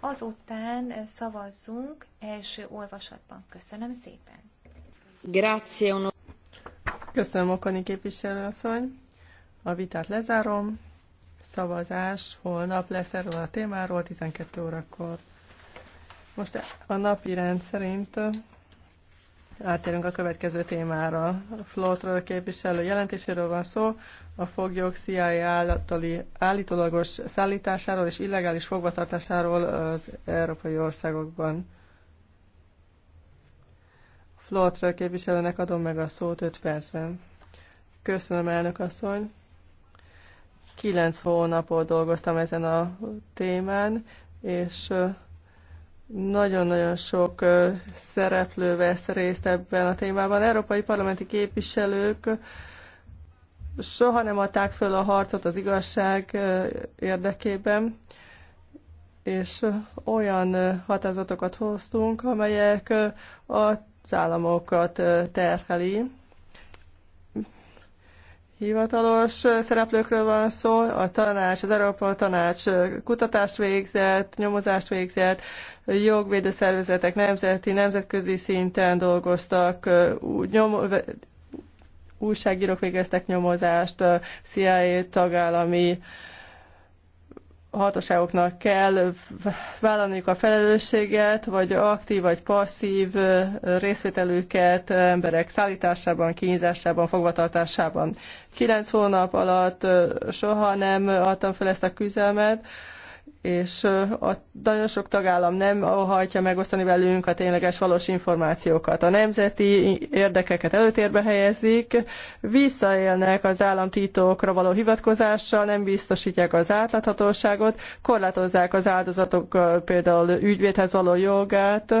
azután eh, szavazzunk első olvasatban. Köszönöm szépen! Grazie, Köszönöm, Okoni képviselőasszony! A vitát lezárom. Szavazás holnap lesz erről a témáról 12 órakor. Most a napi rend szerint Átérünk a következő témára. A Flotról képviselő jelentéséről van szó, a foglyok CIA állatali állítólagos szállításáról és illegális fogvatartásáról az európai országokban. Flótra képviselőnek adom meg a szót 5 percben. Köszönöm, elnök asszony. Kilenc hónapot dolgoztam ezen a témán, és nagyon-nagyon sok szereplő vesz részt ebben a témában. Európai parlamenti képviselők soha nem adták föl a harcot az igazság érdekében, és olyan határozatokat hoztunk, amelyek a az államokat terheli, hivatalos szereplőkről van szó, a tanács, az Európa Tanács kutatást végzett, nyomozást végzett, jogvédő szervezetek nemzeti, nemzetközi szinten dolgoztak, nyom, újságírók végeztek nyomozást, CIA tagállami a hatóságoknak kell vállalniuk a felelősséget, vagy aktív vagy passzív részvételüket emberek szállításában, kínzásában, fogvatartásában. Kilenc hónap alatt soha nem adtam fel ezt a küzdelmet, és a, nagyon sok tagállam nem hajtja megosztani velünk a tényleges valós információkat. A nemzeti érdekeket előtérbe helyezik, visszaélnek az államtitokra való hivatkozással, nem biztosítják az átláthatóságot, korlátozzák az áldozatok például ügyvédhez való jogát,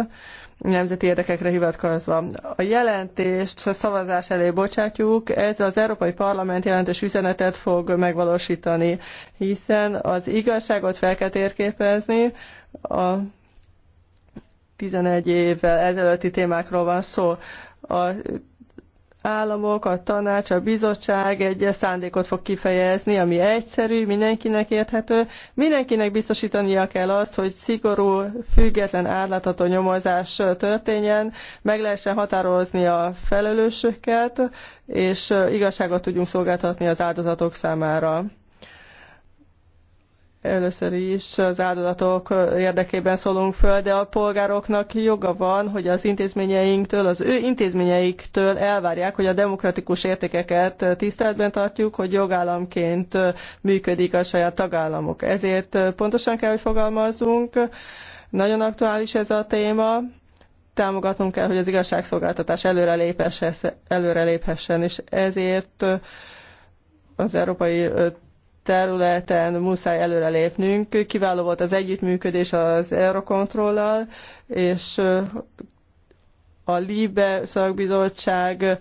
nemzeti érdekekre hivatkozva. A jelentést a szavazás elé bocsátjuk, ez az Európai Parlament jelentős üzenetet fog megvalósítani, hiszen az igazságot fel kell térképezni, a 11 évvel ezelőtti témákról van szó. A államok, a tanács, a bizottság egy szándékot fog kifejezni, ami egyszerű, mindenkinek érthető. Mindenkinek biztosítania kell azt, hogy szigorú, független, állatható nyomozás történjen, meg lehessen határozni a felelősöket, és igazságot tudjunk szolgáltatni az áldozatok számára. Először is az áldozatok érdekében szólunk föl, de a polgároknak joga van, hogy az intézményeinktől, az ő intézményeiktől elvárják, hogy a demokratikus értékeket tiszteletben tartjuk, hogy jogállamként működik a saját tagállamok. Ezért pontosan kell, hogy fogalmazzunk. Nagyon aktuális ez a téma támogatnunk kell, hogy az igazságszolgáltatás előreléphessen, előreléphessen és ezért az európai területen muszáj előrelépnünk. Kiváló volt az együttműködés az Eurocontrollal, és a LIBE szakbizottság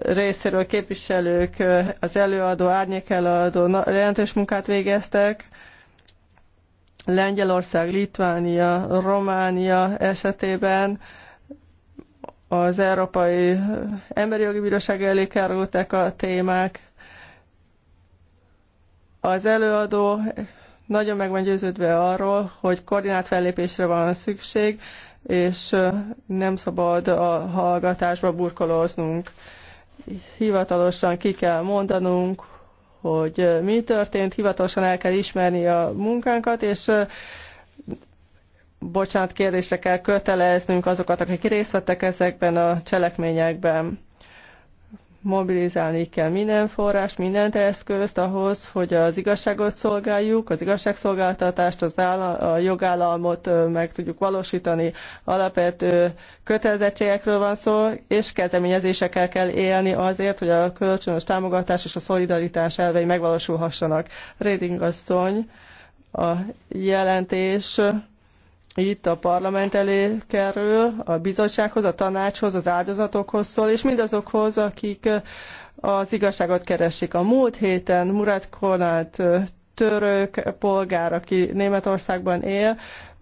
részéről képviselők, az előadó, árnyékeladó jelentős munkát végeztek. Lengyelország, Litvánia, Románia esetében az Európai Emberi Jogi Bíróság elé kerültek a témák, az előadó nagyon meg van győződve arról, hogy koordinált fellépésre van szükség, és nem szabad a hallgatásba burkolóznunk. Hivatalosan ki kell mondanunk, hogy mi történt, hivatalosan el kell ismerni a munkánkat, és bocsánat kérdésre kell köteleznünk azokat, akik részt vettek ezekben a cselekményekben mobilizálni kell minden forrást, minden eszközt ahhoz, hogy az igazságot szolgáljuk, az igazságszolgáltatást, az állam, a jogállamot meg tudjuk valósítani. Alapvető kötelezettségekről van szó, és kezdeményezésekkel kell élni azért, hogy a kölcsönös támogatás és a szolidaritás elvei megvalósulhassanak. Réding asszony, a jelentés itt a parlament elé kerül, a bizottsághoz, a tanácshoz, az áldozatokhoz szól, és mindazokhoz, akik az igazságot keresik. A múlt héten Murat Konát török polgár, aki Németországban él,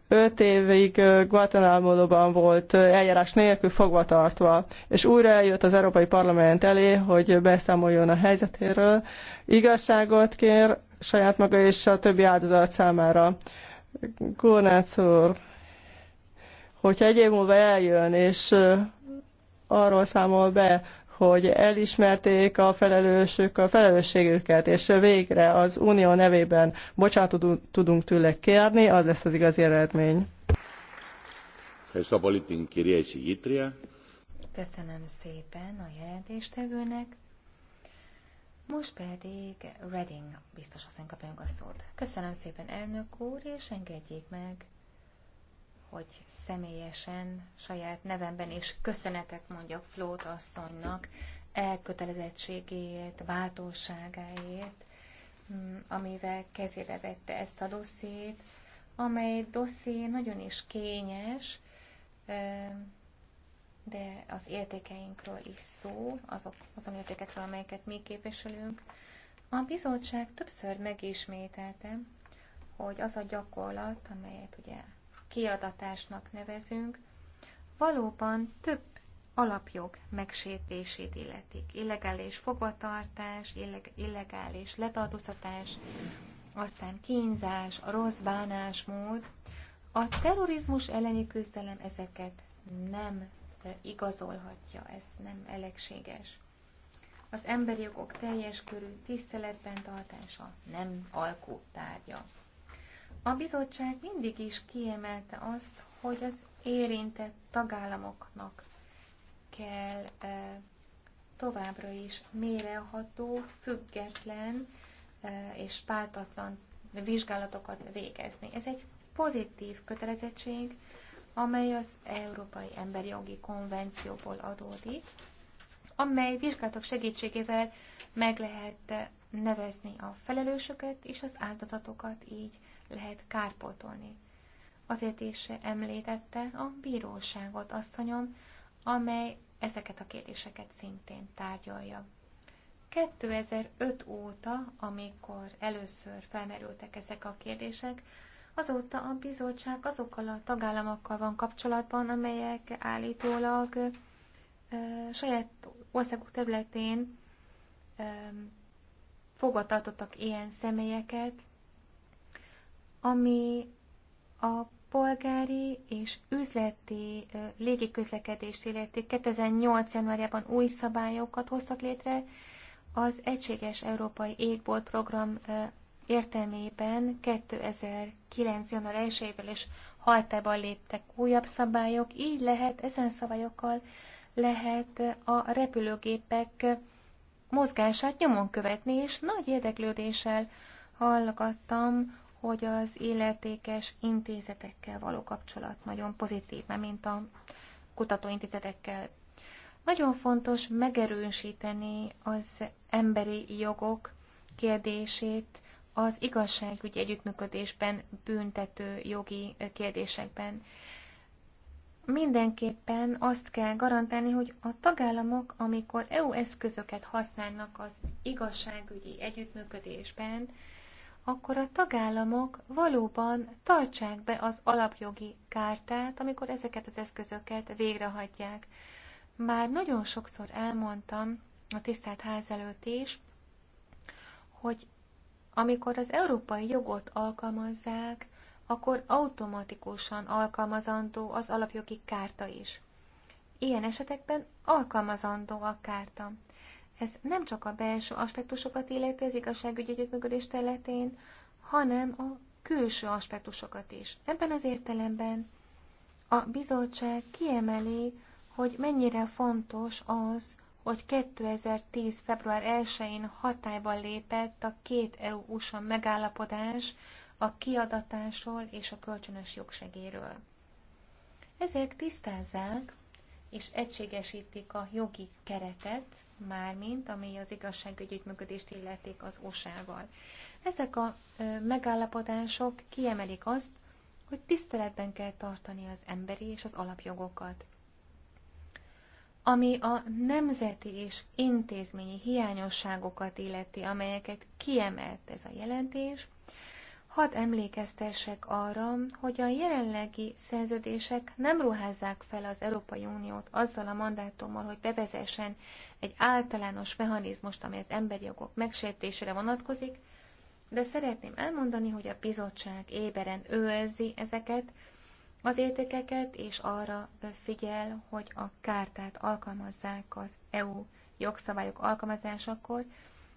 öt évig Guatemala-ban volt eljárás nélkül fogva tartva, és újra eljött az Európai Parlament elé, hogy beszámoljon a helyzetéről, igazságot kér saját maga és a többi áldozat számára. Gornác úr, hogyha egy év múlva eljön, és arról számol be, hogy elismerték a felelősök a felelősségüket, és végre az unió nevében bocsánatot tudunk tőle kérni, az lesz az igazi eredmény. Köszönöm szépen a jelentéstevőnek. Most pedig Reading biztos asszony kapja a szót. Köszönöm szépen, elnök úr, és engedjék meg, hogy személyesen, saját nevemben is köszönetet mondjak Flót asszonynak elkötelezettségéért, bátorságáért, mm, amivel kezébe vette ezt a dossziét, amely dosszié nagyon is kényes, de az értékeinkről is szó, azok, azon értékekről, amelyeket mi képviselünk. A bizottság többször megismételte, hogy az a gyakorlat, amelyet ugye kiadatásnak nevezünk, valóban több alapjog megsértését illetik. Illegális fogvatartás, illeg- illegális letartóztatás, aztán kínzás, a rossz bánásmód. A terrorizmus elleni küzdelem ezeket nem igazolhatja, ez nem elegséges. Az emberi jogok teljes körű tiszteletben tartása nem alkotárgya. A bizottság mindig is kiemelte azt, hogy az érintett tagállamoknak kell e, továbbra is méreható, független e, és pártatlan vizsgálatokat végezni. Ez egy pozitív kötelezettség, amely az Európai Emberi Jogi Konvencióból adódik, amely vizsgálatok segítségével meg lehet nevezni a felelősöket és az áldozatokat, így lehet kárpótolni. Azért is említette a bíróságot, asszonyom, amely ezeket a kérdéseket szintén tárgyalja. 2005 óta, amikor először felmerültek ezek a kérdések, Azóta a bizottság azokkal a tagállamokkal van kapcsolatban, amelyek állítólag saját országuk területén fogva tartottak ilyen személyeket, ami a polgári és üzleti légiközlekedés illeti 2008. januárjában új szabályokat hoztak létre az Egységes Európai Égbolt program értelmében 2009. január 1-ével is haltában léptek újabb szabályok, így lehet, ezen szabályokkal lehet a repülőgépek mozgását nyomon követni, és nagy érdeklődéssel hallgattam, hogy az illetékes intézetekkel való kapcsolat nagyon pozitív, mert mint a kutatóintézetekkel. Nagyon fontos megerősíteni az emberi jogok kérdését, az igazságügyi együttműködésben, büntető jogi kérdésekben. Mindenképpen azt kell garantálni, hogy a tagállamok, amikor EU eszközöket használnak az igazságügyi együttműködésben, akkor a tagállamok valóban tartsák be az alapjogi kártát, amikor ezeket az eszközöket végrehajtják. Már nagyon sokszor elmondtam a tisztelt ház előtt is, hogy amikor az európai jogot alkalmazzák, akkor automatikusan alkalmazandó az alapjogi kárta is. Ilyen esetekben alkalmazandó a kárta. Ez nem csak a belső aspektusokat illeti az igazságügyi együttműködés területén, hanem a külső aspektusokat is. Ebben az értelemben a bizottság kiemeli, hogy mennyire fontos az, hogy 2010. február 1-én hatályba lépett a két EU-USA megállapodás a kiadatásról és a kölcsönös jogsegéről. Ezek tisztázzák és egységesítik a jogi keretet, mármint ami az igazságügyi működést illetik az USA-val. Ezek a megállapodások kiemelik azt, hogy tiszteletben kell tartani az emberi és az alapjogokat ami a nemzeti és intézményi hiányosságokat illeti, amelyeket kiemelt ez a jelentés, hadd emlékeztessek arra, hogy a jelenlegi szerződések nem ruházzák fel az Európai Uniót azzal a mandátummal, hogy bevezessen egy általános mechanizmust, amely az emberi jogok megsértésére vonatkozik, de szeretném elmondani, hogy a bizottság éberen őrzi ezeket, az értékeket, és arra figyel, hogy a kártát alkalmazzák az EU jogszabályok alkalmazásakor.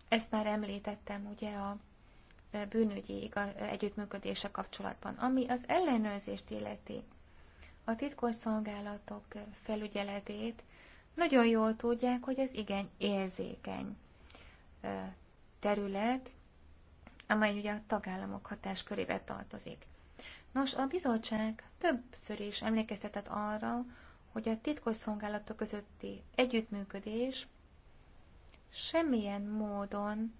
Ezt már említettem ugye a bűnügyi együttműködése kapcsolatban. Ami az ellenőrzést illeti, a titkosszolgálatok felügyeletét nagyon jól tudják, hogy ez igen érzékeny terület, amely ugye a tagállamok hatáskörébe tartozik. Nos, a bizottság többször is emlékeztetett arra, hogy a titkos szolgálatok közötti együttműködés semmilyen módon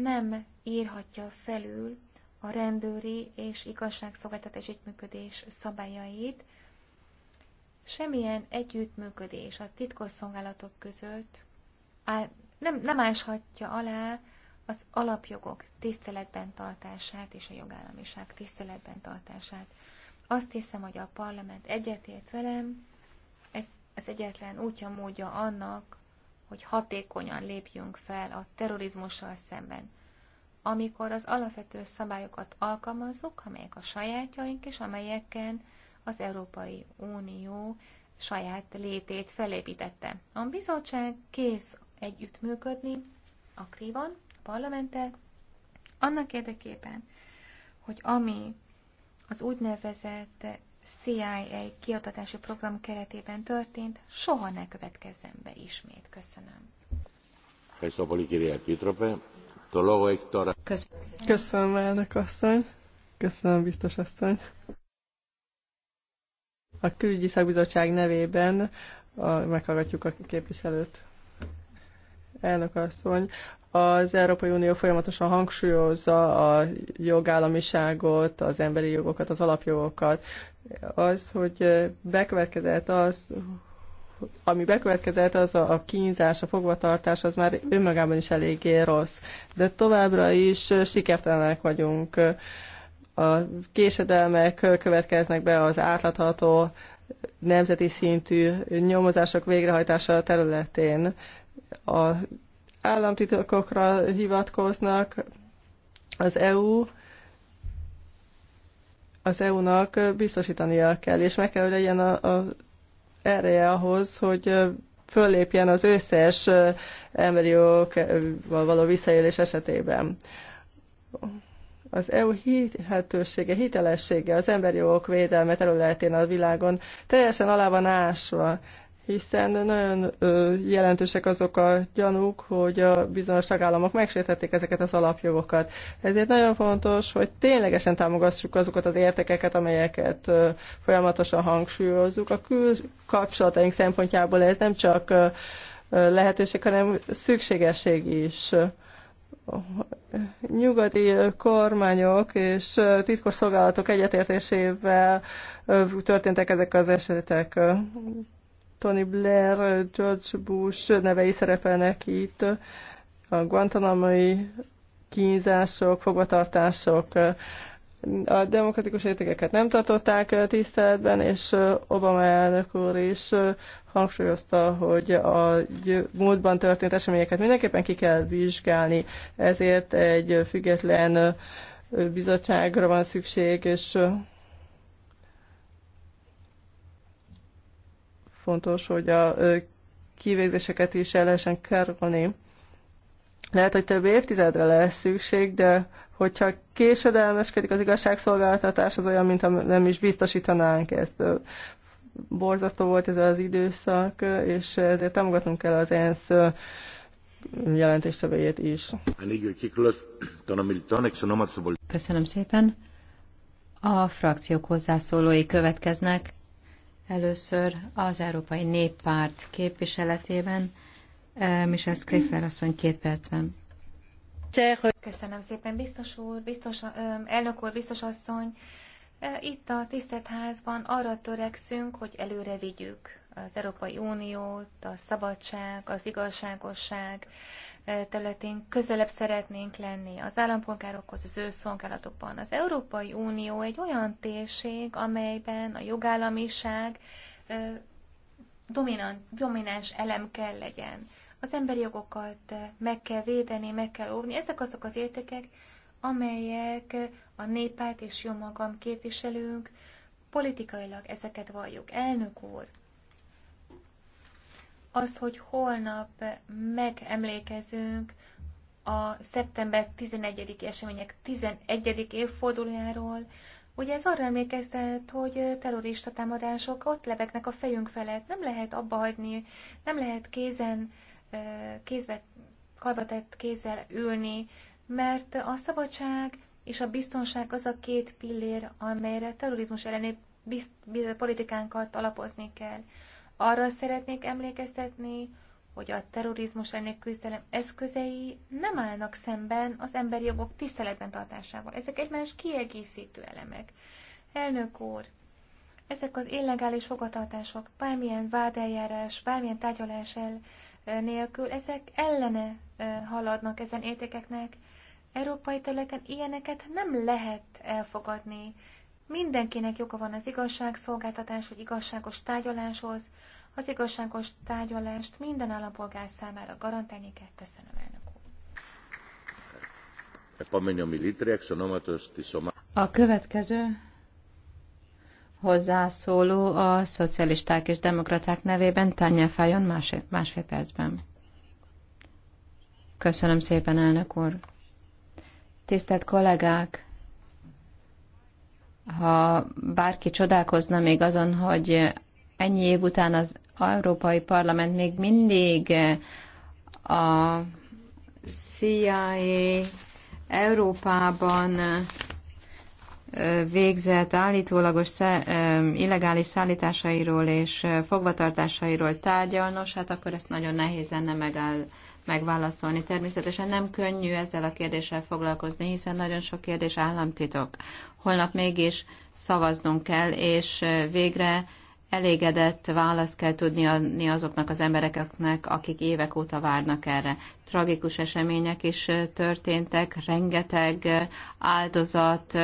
nem írhatja felül a rendőri és igazságszolgáltatás együttműködés szabályait, semmilyen együttműködés a titkos szolgálatok között á, nem, nem áshatja alá az alapjogok tiszteletben tartását és a jogállamiság tiszteletben tartását. Azt hiszem, hogy a parlament egyetért velem, ez az egyetlen útja, módja annak, hogy hatékonyan lépjünk fel a terrorizmussal szemben. Amikor az alapvető szabályokat alkalmazzuk, amelyek a sajátjaink és amelyeken az Európai Unió saját létét felépítette. A bizottság kész együttműködni aktívan, parlamenttel, annak érdekében, hogy ami az úgynevezett CIA kiadatási program keretében történt, soha ne következzen be ismét. Köszönöm. Köszönöm, Köszönöm elnök asszony. Köszönöm, biztos asszony. A külügyi szakbizottság nevében a, meghallgatjuk a képviselőt. Elnök asszony, az Európai Unió folyamatosan hangsúlyozza a jogállamiságot, az emberi jogokat, az alapjogokat. Az, hogy bekövetkezett az, ami bekövetkezett, az a, kínzás, a fogvatartás, az már önmagában is eléggé rossz. De továbbra is sikertelenek vagyunk. A késedelmek következnek be az átlatható nemzeti szintű nyomozások végrehajtása területén. A államtitokokra hivatkoznak. Az EU az EU-nak biztosítania kell, és meg kell, hogy legyen a, a ereje ahhoz, hogy föllépjen az összes emberi való visszaélés esetében. Az EU hitelessége, hitelessége az emberi jogok védelme területén a világon teljesen alá van ásva hiszen nagyon jelentősek azok a gyanúk, hogy a bizonyos tagállamok megsértették ezeket az alapjogokat. Ezért nagyon fontos, hogy ténylegesen támogassuk azokat az értékeket, amelyeket folyamatosan hangsúlyozzuk. A külkapcsolataink szempontjából ez nem csak lehetőség, hanem szükségesség is nyugati kormányok és titkos szolgálatok egyetértésével történtek ezek az esetek. Tony Blair, George Bush nevei szerepelnek itt, a guantanamai kínzások, fogvatartások, a demokratikus értékeket nem tartották tiszteletben, és Obama elnök úr is hangsúlyozta, hogy a múltban történt eseményeket mindenképpen ki kell vizsgálni, ezért egy független bizottságra van szükség, és fontos, hogy a kivégzéseket is el lehessen kerülni. Lehet, hogy több évtizedre lesz szükség, de hogyha késedelmeskedik az igazságszolgáltatás, az olyan, mintha nem is biztosítanánk ezt. Borzasztó volt ez az időszak, és ezért támogatnunk kell az ENSZ jelentéstevőjét is. Köszönöm szépen. A frakciók hozzászólói következnek. Először az Európai Néppárt képviseletében eh, Michel Skriffler asszony két percben. Köszönöm szépen, biztos úr, biztos, eh, elnök úr, biztos asszony. Eh, itt a tisztelt házban arra törekszünk, hogy előre vigyük az Európai Uniót, a szabadság, az igazságosság, területén közelebb szeretnénk lenni az állampolgárokhoz, az ő szolgálatokban. Az Európai Unió egy olyan térség, amelyben a jogállamiság dominant, domináns elem kell legyen. Az emberi jogokat meg kell védeni, meg kell óvni. Ezek azok az értékek, amelyek a népát és jó magam képviselünk, politikailag ezeket valljuk. Elnök úr, az, hogy holnap megemlékezünk a szeptember 11. események 11. évfordulójáról. Ugye ez arra emlékeztet, hogy terrorista támadások ott lebegnek a fejünk felett, nem lehet abba hagyni, nem lehet kézen, kézbe, karbatett kézzel ülni, mert a szabadság és a biztonság az a két pillér, amelyre terrorizmus elleni politikánkat alapozni kell. Arra szeretnék emlékeztetni, hogy a terrorizmus elleni küzdelem eszközei nem állnak szemben az emberi jogok tiszteletben tartásával. Ezek egymás kiegészítő elemek. Elnök úr, ezek az illegális fogatartások bármilyen vádeljárás, bármilyen tárgyalás el nélkül, ezek ellene haladnak ezen értékeknek. Európai területen ilyeneket nem lehet elfogadni. Mindenkinek joga van az igazságszolgáltatás, vagy igazságos tárgyaláshoz, az igazságos tárgyalást minden állampolgár számára garantálni kell. Köszönöm, elnök úr. A következő hozzászóló a szocialisták és demokraták nevében Tanya Fajon más, másfél percben. Köszönöm szépen, elnök úr. Tisztelt kollégák! Ha bárki csodálkozna még azon, hogy ennyi év után az Európai Parlament még mindig eh, a CIA Európában eh, végzett állítólagos eh, illegális szállításairól és fogvatartásairól tárgyal, nos, hát akkor ezt nagyon nehéz lenne megáll, megválaszolni. Természetesen nem könnyű ezzel a kérdéssel foglalkozni, hiszen nagyon sok kérdés államtitok. Holnap mégis szavaznunk kell, és végre elégedett választ kell tudni adni azoknak az embereknek, akik évek óta várnak erre. Tragikus események is történtek, rengeteg áldozat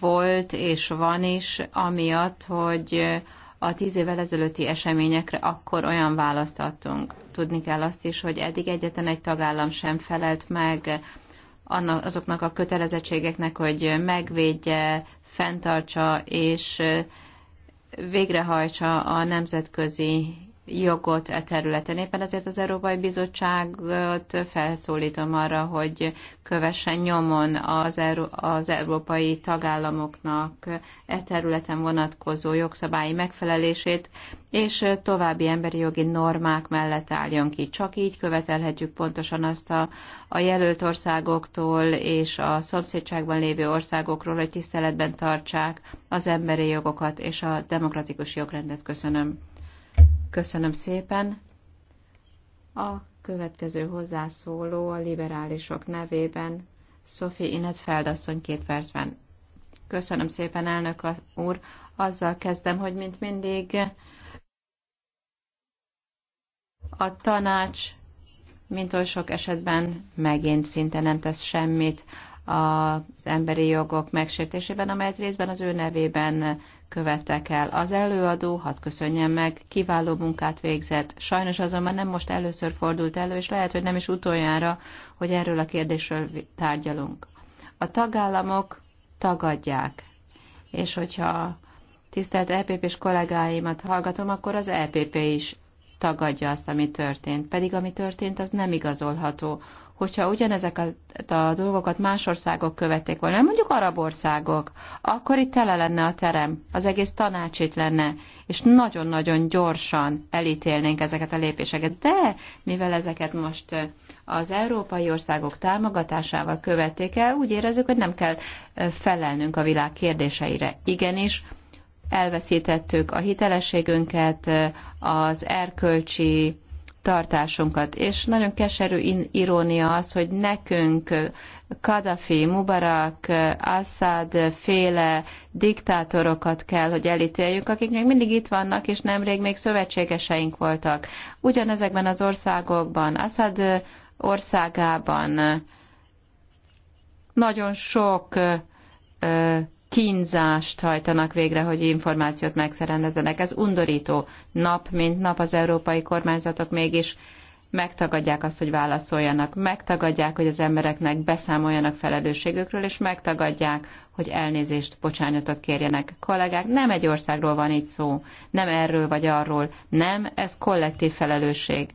volt és van is, amiatt, hogy a tíz évvel ezelőtti eseményekre akkor olyan választ adtunk. Tudni kell azt is, hogy eddig egyetlen egy tagállam sem felelt meg azoknak a kötelezettségeknek, hogy megvédje, fenntartsa és végrehajtsa a nemzetközi jogot a e területen. Éppen ezért az Európai Bizottságot felszólítom arra, hogy kövessen nyomon az, Euró- az európai tagállamoknak e területen vonatkozó jogszabályi megfelelését, és további emberi jogi normák mellett álljon ki. Csak így követelhetjük pontosan azt a, a jelölt országoktól és a szomszédságban lévő országokról, hogy tiszteletben tartsák az emberi jogokat és a demokratikus jogrendet. Köszönöm. Köszönöm szépen. A következő hozzászóló a liberálisok nevében Sophie Inet Feldasszony két percben. Köszönöm szépen, elnök úr. Azzal kezdem, hogy mint mindig a tanács, mint oly sok esetben megint szinte nem tesz semmit az emberi jogok megsértésében, amelyet részben az ő nevében követtek el. Az előadó, hadd köszönjem meg, kiváló munkát végzett. Sajnos azonban nem most először fordult elő, és lehet, hogy nem is utoljára, hogy erről a kérdésről tárgyalunk. A tagállamok tagadják, és hogyha tisztelt EPP-s kollégáimat hallgatom, akkor az EPP is tagadja azt, ami történt. Pedig ami történt, az nem igazolható hogyha ugyanezeket a dolgokat más országok követték volna, mondjuk arab országok, akkor itt tele lenne a terem, az egész tanács itt lenne, és nagyon-nagyon gyorsan elítélnénk ezeket a lépéseket. De mivel ezeket most az európai országok támogatásával követték el, úgy érezzük, hogy nem kell felelnünk a világ kérdéseire. Igenis, elveszítettük a hitelességünket, az erkölcsi tartásunkat. És nagyon keserű irónia az, hogy nekünk Kadhafi, Mubarak, Assad féle diktátorokat kell, hogy elítéljük, akik még mindig itt vannak, és nemrég még szövetségeseink voltak. Ugyanezekben az országokban, Assad országában nagyon sok kínzást hajtanak végre, hogy információt megszerendezenek. Ez undorító. Nap mint nap az európai kormányzatok mégis megtagadják azt, hogy válaszoljanak, megtagadják, hogy az embereknek beszámoljanak felelősségükről, és megtagadják, hogy elnézést, bocsánatot kérjenek. Kollégák, nem egy országról van itt szó, nem erről vagy arról, nem, ez kollektív felelősség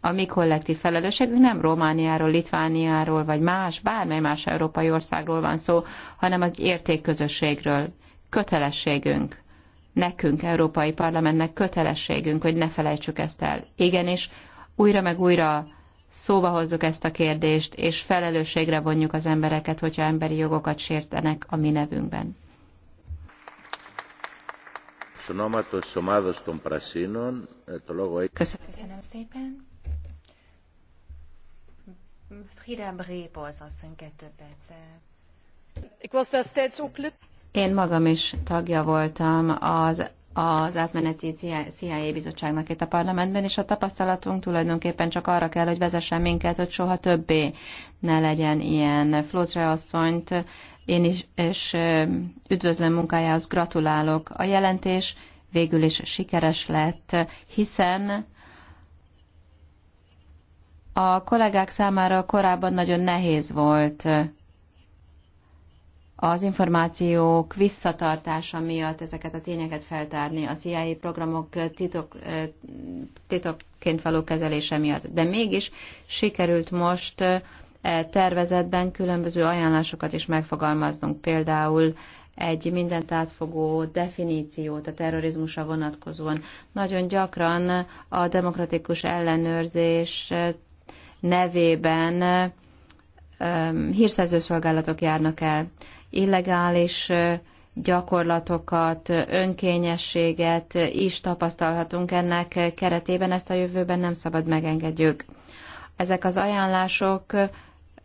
a mi kollektív felelősségünk nem Romániáról, Litvániáról, vagy más, bármely más európai országról van szó, hanem egy értékközösségről. Kötelességünk. Nekünk, Európai Parlamentnek kötelességünk, hogy ne felejtsük ezt el. Igenis, újra meg újra szóba hozzuk ezt a kérdést, és felelősségre vonjuk az embereket, hogyha emberi jogokat sértenek a mi nevünkben. Eh, Köszönöm szépen kettő Én magam is tagja voltam az az átmeneti CIA bizottságnak itt a parlamentben, és a tapasztalatunk tulajdonképpen csak arra kell, hogy vezessen minket, hogy soha többé ne legyen ilyen. Flótre asszonyt én is és üdvözlöm munkájához, gratulálok. A jelentés végül is sikeres lett, hiszen a kollégák számára korábban nagyon nehéz volt az információk visszatartása miatt ezeket a tényeket feltárni, a CIA programok titok, titokként való kezelése miatt. De mégis sikerült most tervezetben különböző ajánlásokat is megfogalmaznunk, például egy mindent átfogó definíciót a terrorizmusra vonatkozóan. Nagyon gyakran a demokratikus ellenőrzés nevében hírszerzőszolgálatok járnak el. Illegális gyakorlatokat, önkényességet is tapasztalhatunk ennek keretében, ezt a jövőben nem szabad megengedjük. Ezek az ajánlások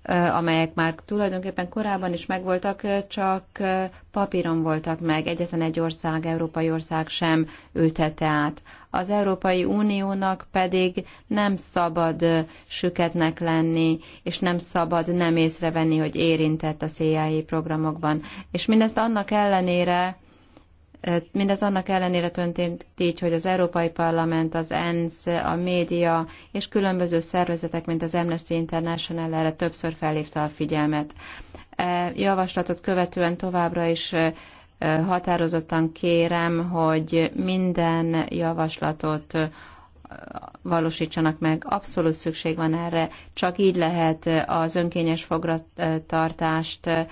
Eh, amelyek már tulajdonképpen korábban is megvoltak, eh, csak eh, papíron voltak meg. Egyetlen egy ország, európai ország sem ültette át. Az Európai Uniónak pedig nem szabad süketnek lenni, és nem szabad nem észrevenni, hogy érintett a CIA programokban. És mindezt annak ellenére, Mindez annak ellenére történt így, hogy az Európai Parlament, az ENSZ, a média és különböző szervezetek, mint az Amnesty International erre többször felhívta a figyelmet. Javaslatot követően továbbra is határozottan kérem, hogy minden javaslatot valósítsanak meg. Abszolút szükség van erre, csak így lehet az önkényes fogratartást tartást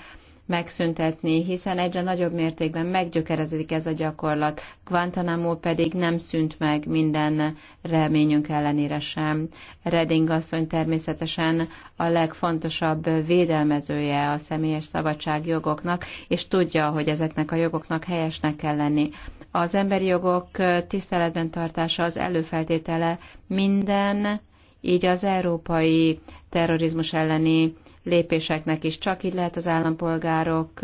megszüntetni, hiszen egyre nagyobb mértékben meggyökerezik ez a gyakorlat. Guantanamo pedig nem szűnt meg minden reményünk ellenére sem. Redding asszony természetesen a legfontosabb védelmezője a személyes szabadság jogoknak, és tudja, hogy ezeknek a jogoknak helyesnek kell lenni. Az emberi jogok tiszteletben tartása az előfeltétele minden, így az európai terrorizmus elleni lépéseknek is. Csak így lehet az állampolgárok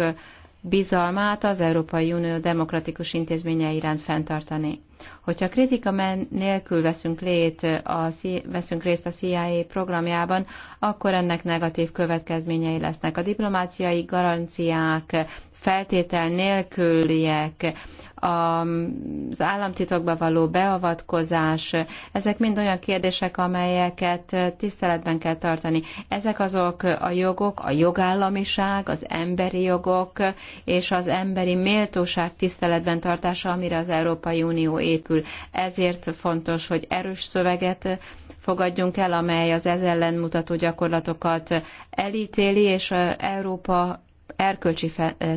bizalmát az Európai Unió demokratikus intézményei iránt fenntartani. Hogyha kritika nélkül veszünk, lét a, veszünk részt a CIA programjában, akkor ennek negatív következményei lesznek. A diplomáciai garanciák feltétel nélküliek, az államtitokba való beavatkozás, ezek mind olyan kérdések, amelyeket tiszteletben kell tartani. Ezek azok a jogok, a jogállamiság, az emberi jogok és az emberi méltóság tiszteletben tartása, amire az Európai Unió épül kerül. Ezért fontos, hogy erős szöveget fogadjunk el, amely az ez ellen mutató gyakorlatokat elítéli, és Európa erkölcsi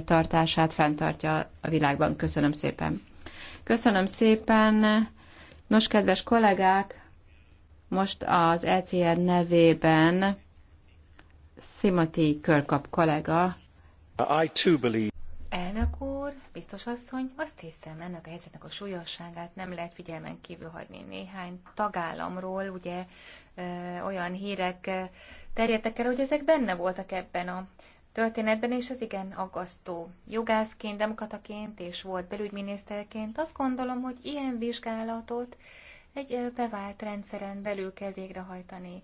tartását fenntartja a világban. Köszönöm szépen. Köszönöm szépen. Nos, kedves kollégák, most az ECR nevében Timothy Körkap kollega. I too believe. Elnök úr, biztos asszony, azt hiszem, ennek a helyzetnek a súlyosságát nem lehet figyelmen kívül hagyni. Néhány tagállamról ugye ö, olyan hírek terjedtek el, hogy ezek benne voltak ebben a történetben, és ez igen aggasztó. Jogászként, demokrataként és volt belügyminiszterként azt gondolom, hogy ilyen vizsgálatot egy bevált rendszeren belül kell végrehajtani.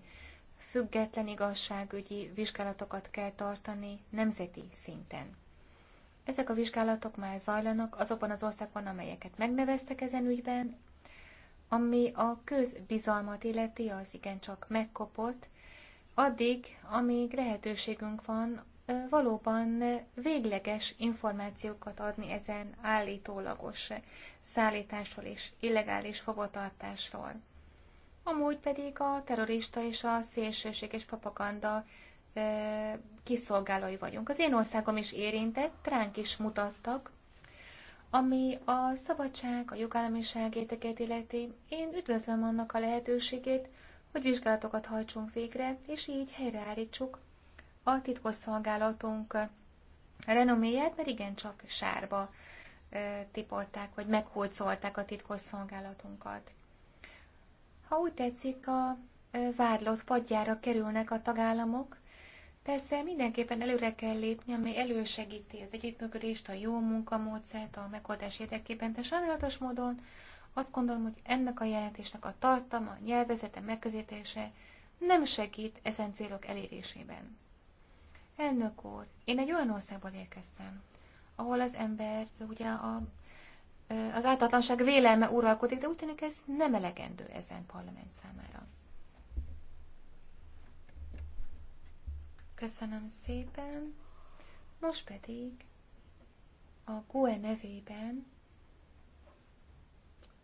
Független igazságügyi vizsgálatokat kell tartani nemzeti szinten. Ezek a vizsgálatok már zajlanak azokban az országban, amelyeket megneveztek ezen ügyben, ami a közbizalmat illeti, az igencsak megkopott, addig, amíg lehetőségünk van valóban végleges információkat adni ezen állítólagos szállításról és illegális fogvatartásról. Amúgy pedig a terrorista és a szélsőséges propaganda kiszolgálói vagyunk. Az én országom is érintett, ránk is mutattak, ami a szabadság, a jogállamiság érteket illeti, én üdvözlöm annak a lehetőségét, hogy vizsgálatokat hajtsunk végre, és így helyreállítsuk a titkosszolgálatunk renoméját, mert igencsak sárba tipolták, vagy meghócolták a titkosszolgálatunkat. Ha úgy tetszik, a vádlott padjára kerülnek a tagállamok, Persze mindenképpen előre kell lépni, ami elősegíti az együttműködést, a jó munkamódszert, a megoldás érdekében, de sajnálatos módon azt gondolom, hogy ennek a jelentésnek a tartama, a nyelvezete, megközelítése nem segít ezen célok elérésében. Elnök úr, én egy olyan országból érkeztem, ahol az ember ugye a, az áltatlanság vélelme uralkodik, de úgy tűnik ez nem elegendő ezen parlament számára. Köszönöm szépen. Most pedig a GUE nevében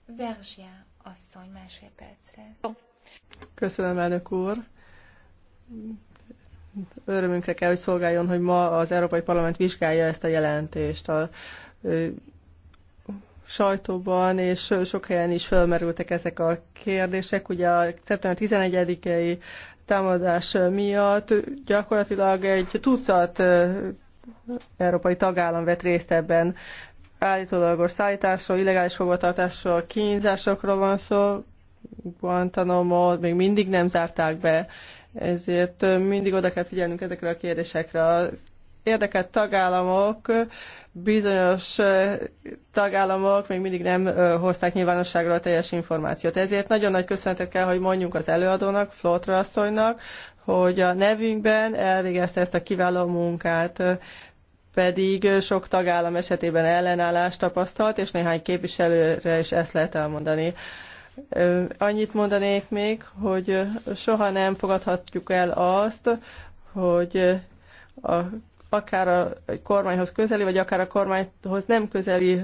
Verzsia asszony másfél percre. Köszönöm, elnök úr. Örömünkre kell, hogy szolgáljon, hogy ma az Európai Parlament vizsgálja ezt a jelentést. A sajtóban és sok helyen is felmerültek ezek a kérdések. Ugye a szeptember 11-i támadás miatt gyakorlatilag egy tucat európai tagállam vett részt ebben. Állítólagos szállításról, illegális fogvatartásról, kínzásokról van szó, Guantanamo még mindig nem zárták be, ezért mindig oda kell figyelnünk ezekre a kérdésekre. Az érdekelt tagállamok bizonyos tagállamok még mindig nem hozták nyilvánosságra a teljes információt. Ezért nagyon nagy köszönetet kell, hogy mondjunk az előadónak, Flotra asszonynak, hogy a nevünkben elvégezte ezt a kiváló munkát, pedig sok tagállam esetében ellenállást tapasztalt, és néhány képviselőre is ezt lehet elmondani. Annyit mondanék még, hogy soha nem fogadhatjuk el azt, hogy a akár a kormányhoz közeli, vagy akár a kormányhoz nem közeli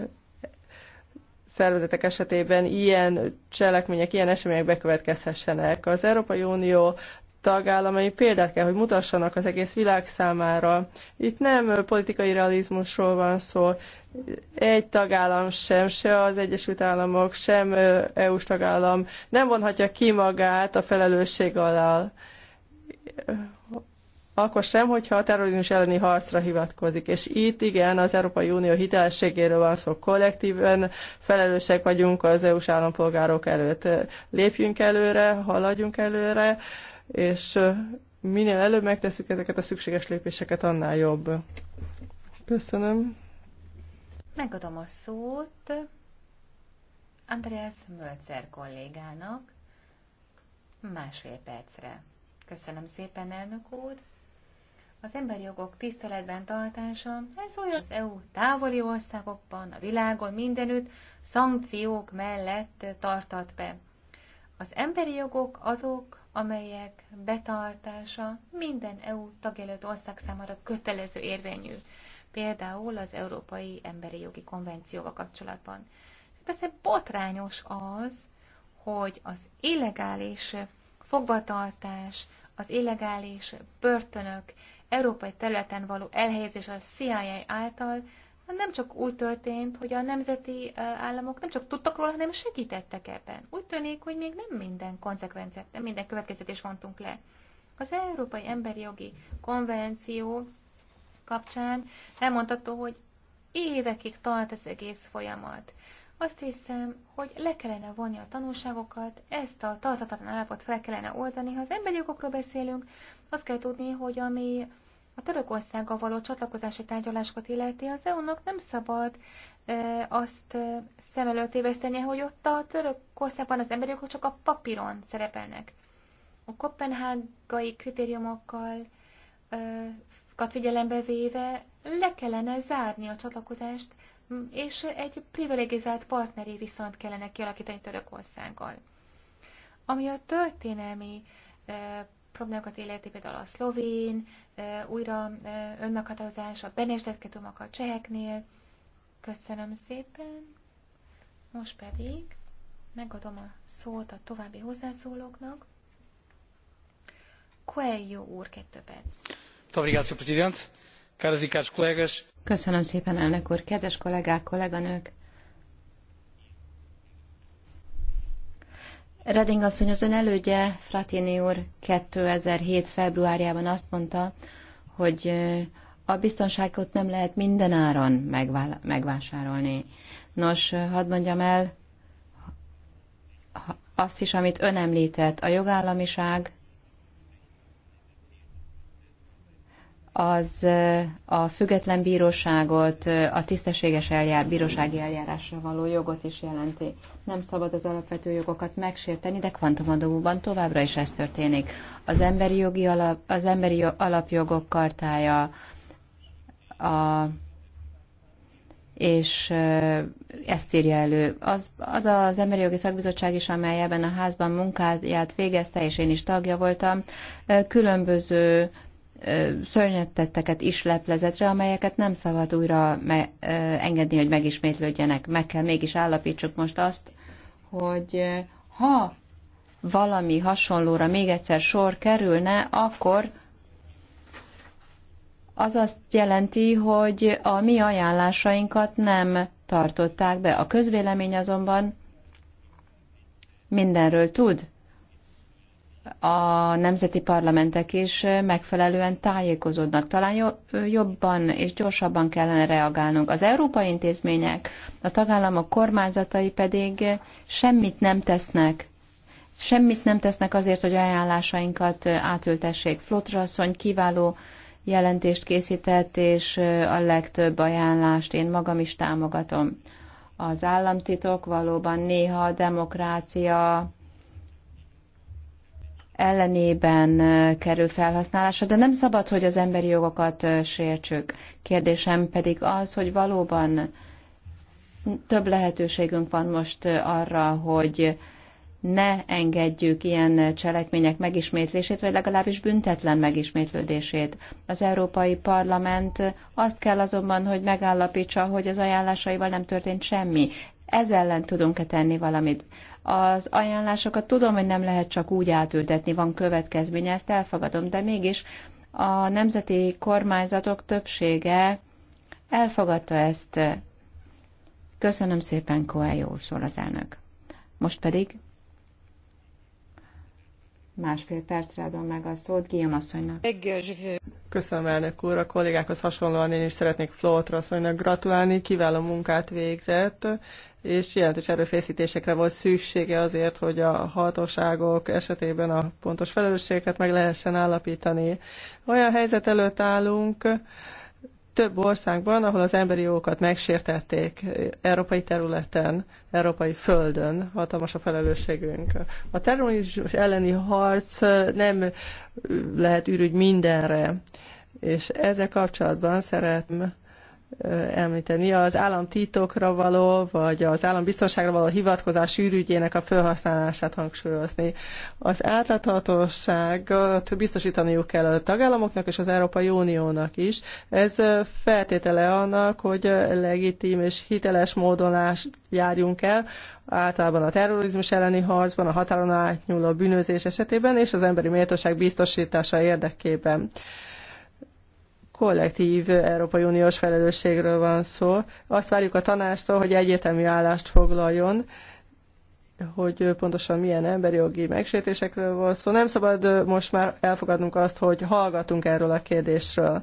szervezetek esetében ilyen cselekmények, ilyen események bekövetkezhessenek. Az Európai Unió tagállamai példát kell, hogy mutassanak az egész világ számára. Itt nem politikai realizmusról van szó. Egy tagállam sem, se az Egyesült Államok, sem EU-s tagállam nem vonhatja ki magát a felelősség alá akkor sem, hogyha a terrorizmus elleni harcra hivatkozik. És itt igen, az Európai Unió hitelességéről van szó, kollektíven felelősek vagyunk az EU-s állampolgárok előtt. Lépjünk előre, haladjunk előre, és minél előbb megtesszük ezeket a szükséges lépéseket, annál jobb. Köszönöm. Megadom a szót Andreas Mölzer kollégának másfél percre. Köszönöm szépen, elnök úr! Az emberi jogok tiszteletben tartása, ez olyan az EU távoli országokban, a világon, mindenütt szankciók mellett tartat be. Az emberi jogok azok, amelyek betartása minden EU tagjelölt ország számára kötelező érvényű, például az Európai Emberi Jogi Konvencióval kapcsolatban. Persze botrányos az, hogy az illegális fogvatartás, az illegális börtönök európai területen való elhelyezés a CIA által nem csak úgy történt, hogy a nemzeti államok nem csak tudtak róla, hanem segítettek ebben. Úgy tűnik, hogy még nem minden konzekvenciát, nem minden következtetés vontunk le. Az Európai Emberi Jogi Konvenció kapcsán elmondható, hogy évekig tart az egész folyamat. Azt hiszem, hogy le kellene vonni a tanulságokat, ezt a tartatlan állapot fel kellene oldani. Ha az emberi jogokról beszélünk, azt kell tudni, hogy ami a Törökországgal való csatlakozási tárgyalásokat illeti az EU-nak nem szabad e, azt e, szem előtt évesztenie, hogy ott a Törökországban az emberi jogok csak a papíron szerepelnek. A kopenhágai kritériumokkal e, figyelembe véve le kellene zárni a csatlakozást, és egy privilegizált partneri viszont kellene kialakítani Törökországgal. Ami a történelmi problémákat életi, például a szlovén, újra önmeghatározás, a benesdetketumok a cseheknél. Köszönöm szépen. Most pedig megadom a szót a további hozzászólóknak. Coelho úr, kettő perc. E Köszönöm szépen, elnök úr. Kedves kollégák, kolléganők! Reding asszony, az ön elődje, Fratini úr 2007. februárjában azt mondta, hogy a biztonságot nem lehet minden áron megvásárolni. Nos, hadd mondjam el azt is, amit ön említett, a jogállamiság az a független bíróságot, a tisztességes eljár, bírósági eljárásra való jogot is jelenti. Nem szabad az alapvető jogokat megsérteni, de kvantumadóban továbbra is ez történik. Az emberi, jogi alap, az emberi alapjogok kartája a, és ezt írja elő. Az, az az Emberi Jogi Szakbizottság is, amely ebben a házban munkáját végezte, és én is tagja voltam, különböző szörnyetetteket is leplezetre, amelyeket nem szabad újra me- engedni, hogy megismétlődjenek. Meg kell mégis állapítsuk most azt, hogy ha valami hasonlóra még egyszer sor kerülne, akkor az azt jelenti, hogy a mi ajánlásainkat nem tartották be. A közvélemény azonban mindenről tud, a nemzeti parlamentek is megfelelően tájékozódnak. Talán jobban és gyorsabban kellene reagálnunk. Az európai intézmények, a tagállamok kormányzatai pedig semmit nem tesznek. Semmit nem tesznek azért, hogy ajánlásainkat átültessék. Flotra asszony kiváló jelentést készített, és a legtöbb ajánlást én magam is támogatom. Az államtitok valóban néha a demokrácia ellenében kerül felhasználásra, de nem szabad, hogy az emberi jogokat sértsük. Kérdésem pedig az, hogy valóban több lehetőségünk van most arra, hogy ne engedjük ilyen cselekmények megismétlését, vagy legalábbis büntetlen megismétlődését. Az Európai Parlament azt kell azonban, hogy megállapítsa, hogy az ajánlásaival nem történt semmi. Ez ellen tudunk-e tenni valamit? Az ajánlásokat tudom, hogy nem lehet csak úgy átültetni, van következménye, ezt elfogadom, de mégis a nemzeti kormányzatok többsége elfogadta ezt. Köszönöm szépen, Koel, jó szól az elnök. Most pedig másfél percre adom meg a szót Guillaume asszonynak. Köszönöm, elnök úr. A kollégákhoz hasonlóan én is szeretnék Flótra asszonynak gratulálni. Kiváló munkát végzett, és jelentős erőfészítésekre volt szüksége azért, hogy a hatóságok esetében a pontos felelősséget meg lehessen állapítani. Olyan helyzet előtt állunk, több országban, ahol az emberi jogokat megsértették európai területen, európai földön, hatalmas a felelősségünk. A terrorizmus elleni harc nem lehet ürügy mindenre, és ezzel kapcsolatban szeretném említeni. Az államtitokra való, vagy az állambiztonságra való hivatkozás ürügyének a felhasználását hangsúlyozni. Az átláthatóságot biztosítaniuk kell a tagállamoknak és az Európai Uniónak is. Ez feltétele annak, hogy legitim és hiteles módon járjunk el, általában a terrorizmus elleni harcban, a határon átnyúló bűnözés esetében és az emberi méltóság biztosítása érdekében kollektív Európai Uniós felelősségről van szó. Azt várjuk a tanástól, hogy egyértelmű állást foglaljon, hogy pontosan milyen emberi jogi megsértésekről volt szó. nem szabad most már elfogadnunk azt, hogy hallgatunk erről a kérdésről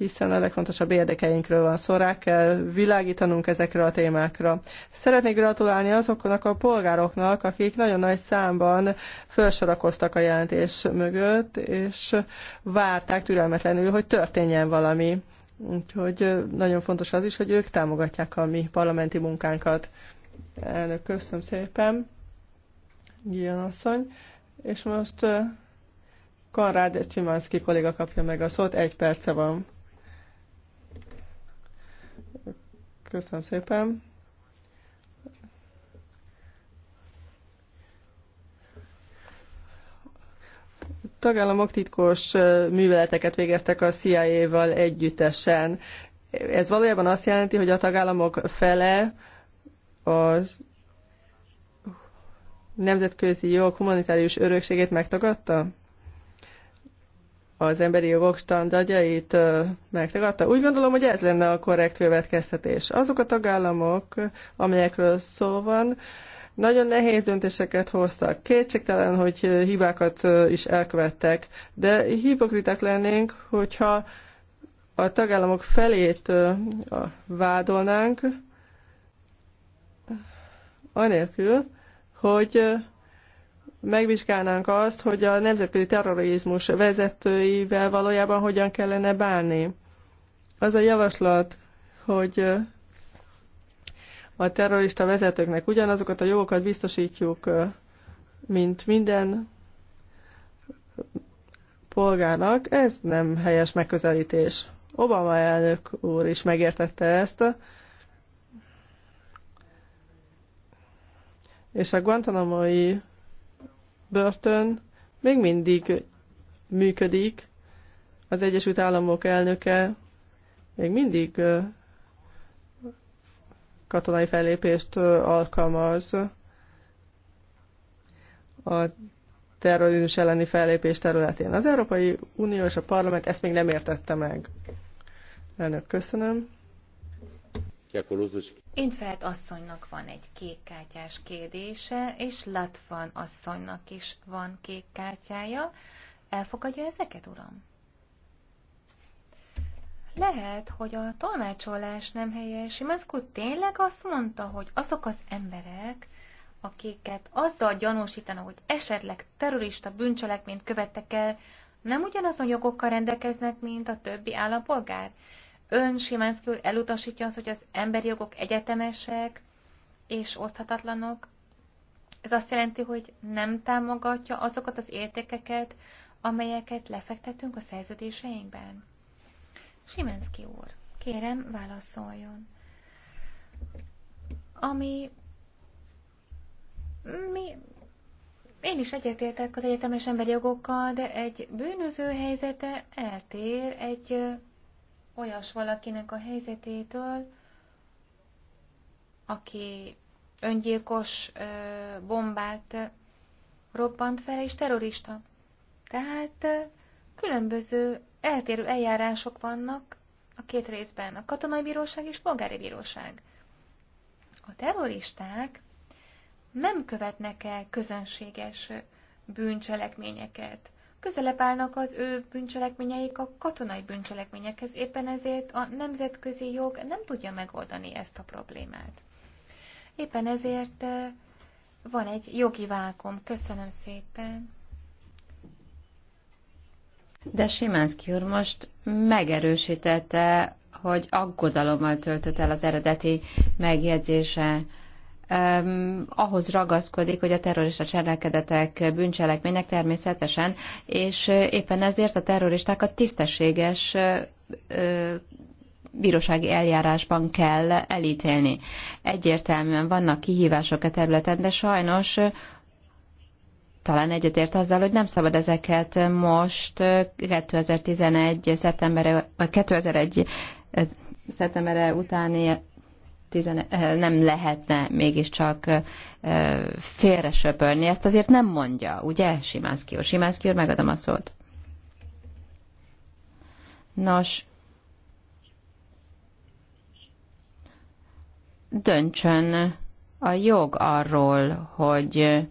hiszen a legfontosabb érdekeinkről van szó, rá kell világítanunk ezekre a témákra. Szeretnék gratulálni azoknak a polgároknak, akik nagyon nagy számban felsorakoztak a jelentés mögött, és várták türelmetlenül, hogy történjen valami. Úgyhogy nagyon fontos az is, hogy ők támogatják a mi parlamenti munkánkat. Elnök, köszönöm szépen, Gian asszony. És most eh, Konrád Csimanszki kolléga kapja meg a szót, egy perce van. Köszönöm szépen. Tagállamok titkos műveleteket végeztek a CIA-val együttesen. Ez valójában azt jelenti, hogy a tagállamok fele az nemzetközi jog humanitárius örökségét megtagadta? az emberi jogok standardjait megtagadta. Úgy gondolom, hogy ez lenne a korrekt következtetés. Azok a tagállamok, amelyekről szó van, nagyon nehéz döntéseket hoztak. Kétségtelen, hogy hibákat is elkövettek, de hipokriták lennénk, hogyha a tagállamok felét vádolnánk, anélkül, hogy megvizsgálnánk azt, hogy a nemzetközi terrorizmus vezetőivel valójában hogyan kellene bánni. Az a javaslat, hogy a terrorista vezetőknek ugyanazokat a jogokat biztosítjuk, mint minden polgárnak, ez nem helyes megközelítés. Obama elnök úr is megértette ezt, és a guantanamo-i börtön még mindig működik. Az Egyesült Államok elnöke még mindig katonai fellépést alkalmaz. A terrorizmus elleni fellépés területén. Az Európai Unió és a Parlament ezt még nem értette meg. Elnök, köszönöm. Intfeld asszonynak van egy kékkártyás kérdése, és Latvan asszonynak is van kékkártyája. Elfogadja ezeket, uram? Lehet, hogy a tolmácsolás nem helyes. Imaszkó tényleg azt mondta, hogy azok az emberek, akiket azzal gyanúsítanak, hogy esetleg terrorista bűncselekményt követtek el, nem ugyanazon jogokkal rendelkeznek, mint a többi állampolgár. Ön, Simánszki elutasítja azt, hogy az emberi jogok egyetemesek és oszthatatlanok. Ez azt jelenti, hogy nem támogatja azokat az értékeket, amelyeket lefektetünk a szerződéseinkben. Simenszki úr, kérem, válaszoljon. Ami... Mi... Én is egyetértek az egyetemes emberi jogokkal, de egy bűnöző helyzete eltér egy olyas valakinek a helyzetétől, aki öngyilkos bombát robbant fel, és terrorista. Tehát különböző eltérő eljárások vannak a két részben, a katonai bíróság és a polgári bíróság. A terroristák nem követnek el közönséges bűncselekményeket közelebb állnak az ő bűncselekményeik a katonai bűncselekményekhez, éppen ezért a nemzetközi jog nem tudja megoldani ezt a problémát. Éppen ezért eh, van egy jogi vákum. Köszönöm szépen. De Simánszki úr most megerősítette, hogy aggodalommal töltött el az eredeti megjegyzése um, ahhoz ragaszkodik, hogy a terrorista cselekedetek bűncselekmények természetesen, és éppen ezért a a tisztességes bírósági eljárásban kell elítélni. Egyértelműen vannak kihívások a területen, de sajnos talán egyetért azzal, hogy nem szabad ezeket most 2011. szeptemberre, vagy 2001 szeptemberre utáni tizen- eh, nem lehetne mégiscsak eh, félre söpörni. Ezt azért nem mondja, ugye, Simánszki úr? Simánszki úr, megadom a szót. Nos, döntsön a jog arról, hogy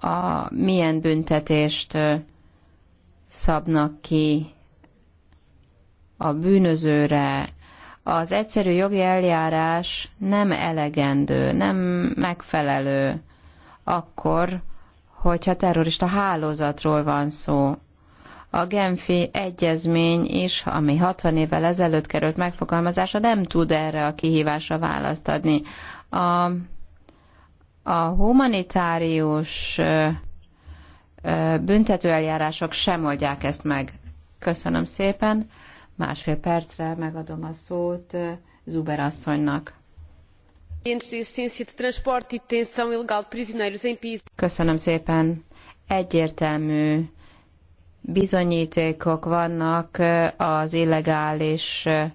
a milyen büntetést eh, szabnak ki a bűnözőre, az egyszerű jogi eljárás nem elegendő, nem megfelelő akkor, hogyha terrorista hálózatról van szó. A Genfi egyezmény is, ami 60 évvel ezelőtt került megfogalmazása, nem tud erre a kihívásra választ adni. A, a humanitárius büntetőeljárások sem oldják ezt meg. Köszönöm szépen. Másfél percre megadom a szót eh, Zuber asszonynak. Köszönöm szépen. Egyértelmű bizonyítékok vannak eh, az illegális eh,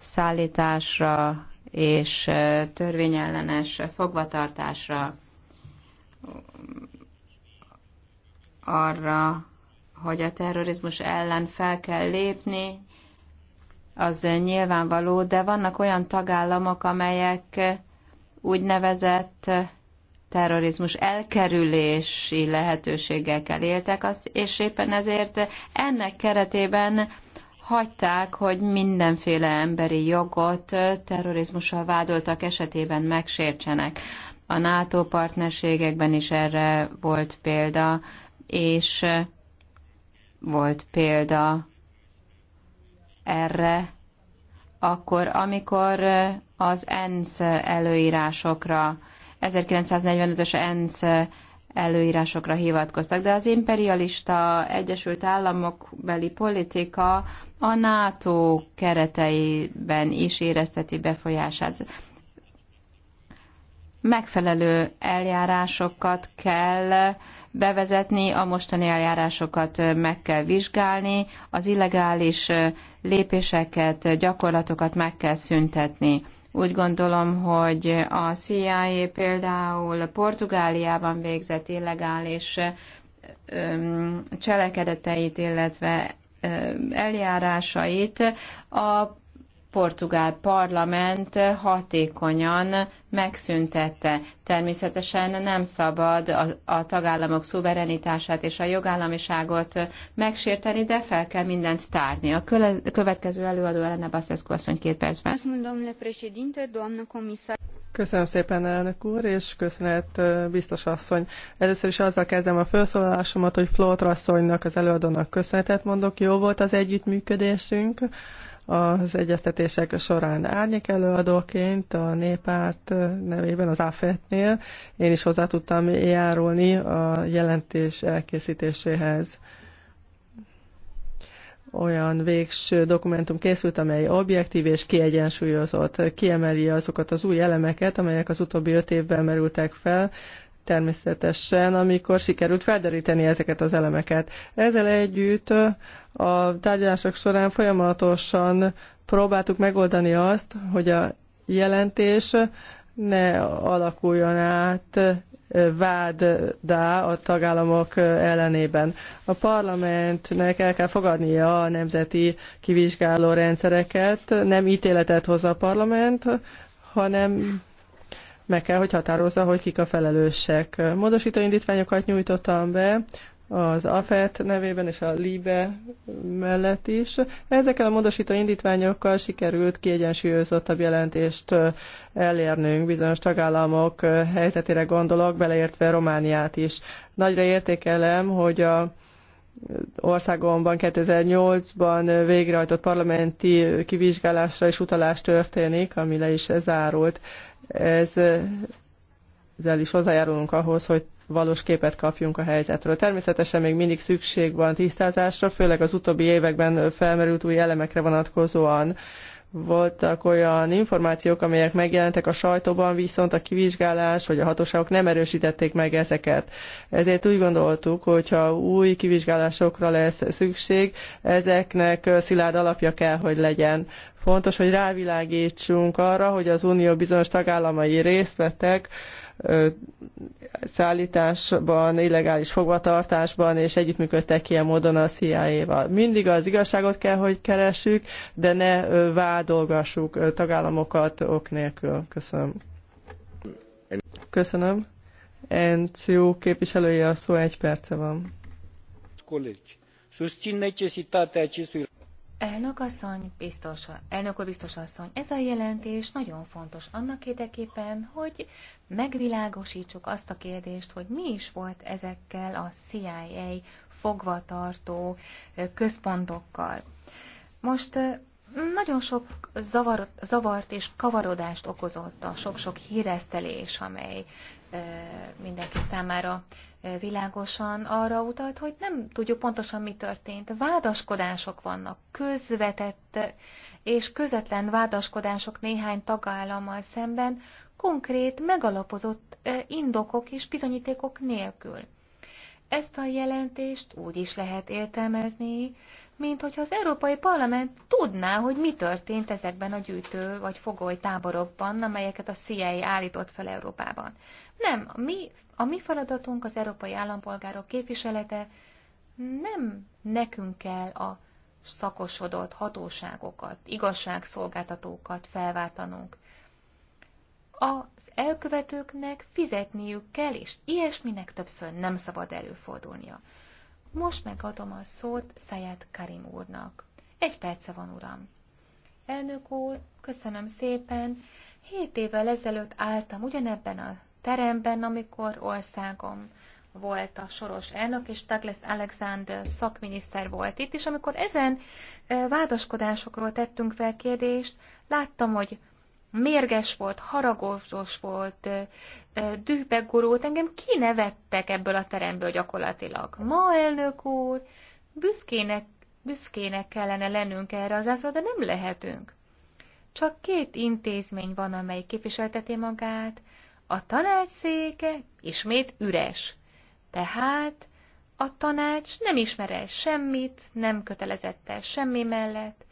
szállításra és törvényellenes fogvatartásra arra, hogy a terrorizmus ellen fel kell lépni, az nyilvánvaló, de vannak olyan tagállamok, amelyek úgynevezett terrorizmus elkerülési lehetőségekkel éltek, azt, és éppen ezért ennek keretében hagyták, hogy mindenféle emberi jogot terrorizmussal vádoltak esetében megsértsenek. A NATO partnerségekben is erre volt példa, és volt példa erre, akkor, amikor az ENSZ előírásokra, 1945-ös ENSZ előírásokra hivatkoztak, de az imperialista Egyesült Államok beli politika a NATO kereteiben is érezteti befolyását. Megfelelő eljárásokat kell bevezetni, a mostani eljárásokat meg kell vizsgálni, az illegális lépéseket, gyakorlatokat meg kell szüntetni. Úgy gondolom, hogy a CIA például Portugáliában végzett illegális cselekedeteit, illetve eljárásait a portugál parlament hatékonyan megszüntette. Természetesen nem szabad a, a tagállamok szuverenitását és a jogállamiságot megsérteni, de fel kell mindent tárni. A köle, következő előadó Elena Baszeszko asszony két percben. Köszönöm szépen, elnök úr, és köszönet, biztos asszony. Először is azzal kezdem a felszólalásomat, hogy Flótra asszonynak, az előadónak köszönetet mondok. Jó volt az együttműködésünk az egyeztetések során árnyék előadóként a Népárt nevében az AFET-nél én is hozzá tudtam járulni a jelentés elkészítéséhez. Olyan végső dokumentum készült, amely objektív és kiegyensúlyozott, kiemeli azokat az új elemeket, amelyek az utóbbi öt évben merültek fel, természetesen, amikor sikerült felderíteni ezeket az elemeket. Ezzel együtt a tárgyalások során folyamatosan próbáltuk megoldani azt, hogy a jelentés ne alakuljon át váddá a tagállamok ellenében. A parlamentnek el kell fogadnia a nemzeti kivizsgáló rendszereket, nem ítéletet hoz a parlament, hanem meg kell, hogy határozza, hogy kik a felelősek. Módosító indítványokat nyújtottam be az AFET nevében és a LIBE mellett is. Ezekkel a módosító indítványokkal sikerült kiegyensúlyozottabb jelentést elérnünk bizonyos tagállamok helyzetére gondolok, beleértve Romániát is. Nagyra értékelem, hogy a országomban 2008-ban végrehajtott parlamenti kivizsgálásra is utalás történik, ami le is zárult. Ez ezzel is hozzájárulunk ahhoz, hogy valós képet kapjunk a helyzetről. Természetesen még mindig szükség van tisztázásra, főleg az utóbbi években felmerült új elemekre vonatkozóan. Voltak olyan információk, amelyek megjelentek a sajtóban, viszont a kivizsgálás vagy a hatóságok nem erősítették meg ezeket. Ezért úgy gondoltuk, hogy ha új kivizsgálásokra lesz szükség, ezeknek szilárd alapja kell, hogy legyen. Fontos, hogy rávilágítsunk arra, hogy az Unió bizonyos tagállamai részt vettek szállításban, illegális fogvatartásban, és együttműködtek ilyen módon a CIA-val. Mindig az igazságot kell, hogy keressük, de ne vádolgassuk tagállamokat ok nélkül. Köszönöm. Köszönöm. NCU képviselője a szó, egy perce van. susțin necesitatea acestui... Elnök asszony, biztos, elnök biztos asszony, ez a jelentés nagyon fontos annak érdekében, hogy megvilágosítsuk azt a kérdést, hogy mi is volt ezekkel a CIA fogvatartó központokkal. Most nagyon sok zavar, zavart és kavarodást okozott a sok-sok híresztelés, amely mindenki számára világosan arra utalt, hogy nem tudjuk pontosan, mi történt. Vádaskodások vannak, közvetett és közvetlen vádaskodások néhány tagállammal szemben, konkrét, megalapozott indokok és bizonyítékok nélkül. Ezt a jelentést úgy is lehet értelmezni, mint hogyha az Európai Parlament tudná, hogy mi történt ezekben a gyűjtő vagy fogoly táborokban, amelyeket a CIA állított fel Európában. Nem, a mi, a mi feladatunk az európai állampolgárok képviselete, nem nekünk kell a szakosodott hatóságokat, igazságszolgáltatókat felváltanunk az elkövetőknek fizetniük kell, és ilyesminek többször nem szabad előfordulnia. Most megadom a szót Száját Karim úrnak. Egy perce van, uram. Elnök úr, köszönöm szépen. Hét évvel ezelőtt álltam ugyanebben a teremben, amikor országom volt a soros elnök, és Douglas Alexander szakminiszter volt itt, és amikor ezen eh, vádaskodásokról tettünk fel kérdést, láttam, hogy mérges volt, haragozós volt, dühbegurult, engem kinevettek ebből a teremből gyakorlatilag. Ma, elnök úr, büszkének, büszkének kellene lennünk erre az ászlóra, de nem lehetünk. Csak két intézmény van, amely képviselteti magát, a tanács széke ismét üres. Tehát a tanács nem ismer el semmit, nem kötelezett el semmi mellett,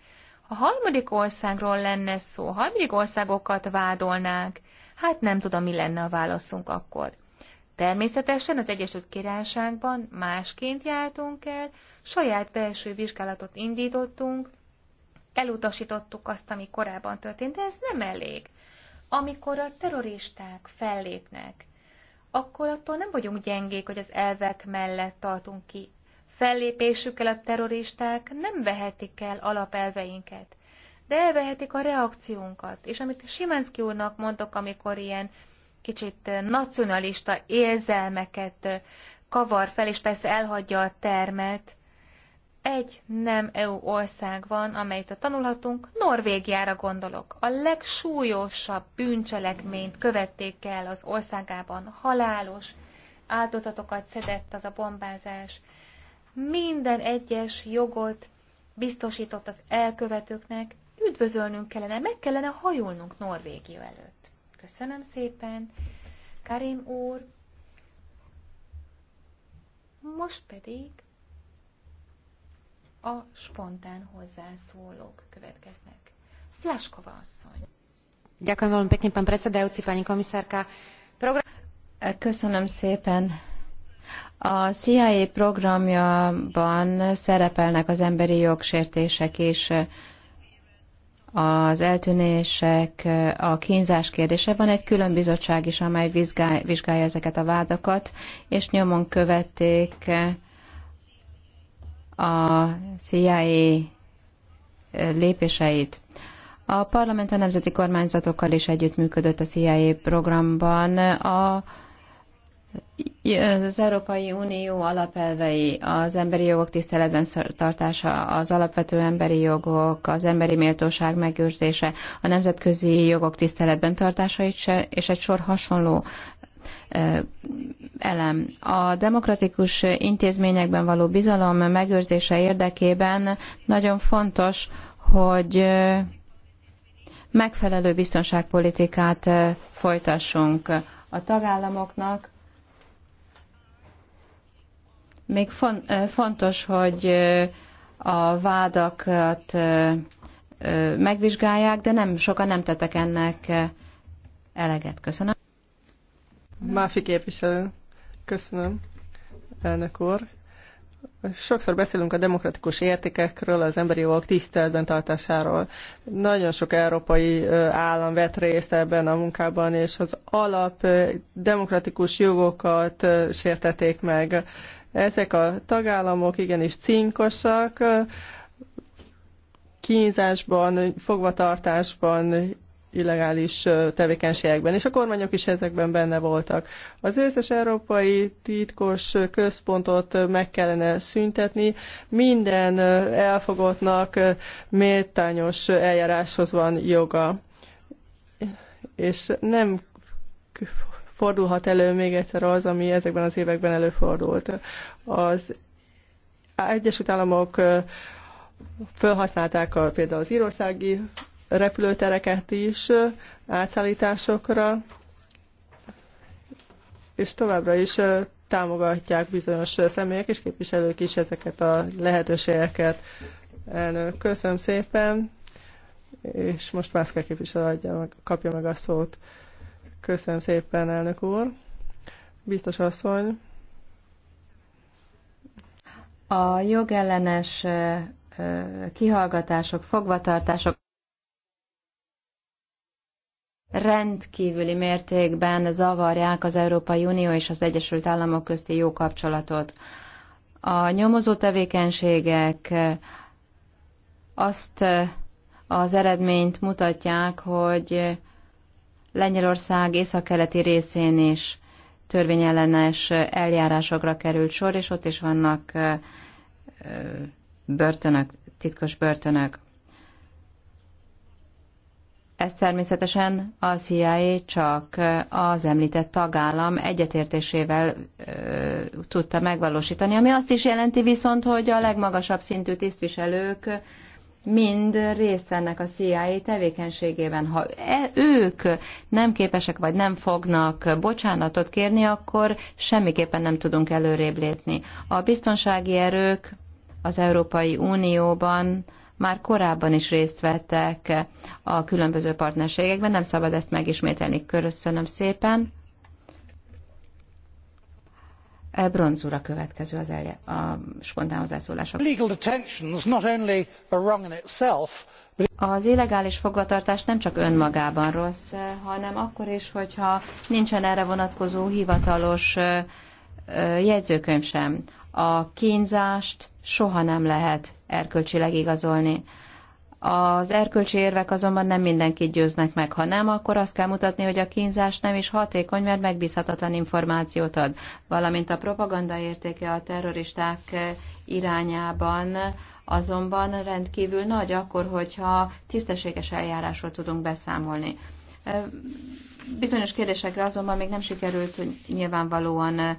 a harmadik országról lenne szó, harmadik országokat vádolnák, hát nem tudom, mi lenne a válaszunk akkor. Természetesen az Egyesült Királyságban másként jártunk el, saját belső vizsgálatot indítottunk, elutasítottuk azt, ami korábban történt, de ez nem elég. Amikor a terroristák fellépnek, akkor attól nem vagyunk gyengék, hogy az elvek mellett tartunk ki fellépésükkel a terroristák nem vehetik el alapelveinket, de elvehetik a reakciónkat. És amit Simanszki úrnak mondok, amikor ilyen kicsit nacionalista érzelmeket kavar fel, és persze elhagyja a termet, egy nem EU ország van, amelyet tanulhatunk, Norvégiára gondolok. A legsúlyosabb bűncselekményt követték el az országában. Halálos áldozatokat szedett az a bombázás minden egyes jogot biztosított az elkövetőknek, üdvözölnünk kellene, meg kellene hajolnunk Norvégia előtt. Köszönöm szépen, Karim úr. Most pedig a spontán hozzászólók következnek. Flaskova asszony. Ďakujem veľmi pán predsedajúci, pani komisárka. Program... Köszönöm szépen, a CIA programjában szerepelnek az emberi jogsértések és az eltűnések, a kínzás kérdése. Van egy külön bizottság is, amely vizsgálja, vizsgálja ezeket a vádakat, és nyomon követték a CIA lépéseit. A parlament a nemzeti kormányzatokkal is együttműködött a CIA programban. A az Európai Unió alapelvei, az emberi jogok tiszteletben tartása, az alapvető emberi jogok, az emberi méltóság megőrzése, a nemzetközi jogok tiszteletben tartása és egy sor hasonló elem. A demokratikus intézményekben való bizalom megőrzése érdekében nagyon fontos, hogy megfelelő biztonságpolitikát folytassunk a tagállamoknak, még fontos, hogy a vádakat megvizsgálják, de nem sokan nem tettek ennek eleget. Köszönöm. Máfi képviselő. Köszönöm, elnök úr. Sokszor beszélünk a demokratikus értékekről, az emberi jogok tiszteletben tartásáról. Nagyon sok európai állam vett részt ebben a munkában, és az alap demokratikus jogokat sértették meg. Ezek a tagállamok igenis cinkosak, kínzásban, fogvatartásban, illegális tevékenységekben, és a kormányok is ezekben benne voltak. Az összes európai titkos központot meg kellene szüntetni, minden elfogottnak méltányos eljáráshoz van joga, és nem fordulhat elő még egyszer az, ami ezekben az években előfordult. Az Egyesült Államok felhasználták a, például az írországi repülőtereket is átszállításokra, és továbbra is támogatják bizonyos személyek és képviselők is ezeket a lehetőségeket. Elnök, köszönöm szépen, és most Mászka képviselő kapja meg a szót. Köszönöm szépen, elnök úr. Biztos asszony. A jogellenes kihallgatások, fogvatartások rendkívüli mértékben zavarják az Európai Unió és az Egyesült Államok közti jó kapcsolatot. A nyomozó tevékenységek azt az eredményt mutatják, hogy Lengyelország északkeleti részén is törvényellenes eljárásokra került sor, és ott is vannak börtönök, titkos börtönök. Ez természetesen a CIA csak az említett tagállam egyetértésével ö, tudta megvalósítani, ami azt is jelenti viszont, hogy a legmagasabb szintű tisztviselők mind részt vennek a CIA tevékenységében. Ha e, ők nem képesek vagy nem fognak bocsánatot kérni, akkor semmiképpen nem tudunk előrébb lépni. A biztonsági erők az Európai Unióban már korábban is részt vettek a különböző partnerségekben, nem szabad ezt megismételni. Köszönöm szépen. Eh, Bronz következő az elje, a spontán hozzászólások. Az illegális fogvatartás nem csak önmagában rossz, eh, hanem akkor is, hogyha nincsen erre vonatkozó hivatalos eh, jegyzőkönyv sem. A kínzást soha nem lehet erkölcsileg igazolni. Az erkölcsi érvek azonban nem mindenkit győznek meg. Ha nem, akkor azt kell mutatni, hogy a kínzás nem is hatékony, mert megbízhatatlan információt ad. Valamint a propaganda értéke a terroristák eh, irányában azonban rendkívül nagy akkor, hogyha tisztességes eljárásról tudunk beszámolni. Eh, bizonyos kérdésekre azonban még nem sikerült nyilvánvalóan eh,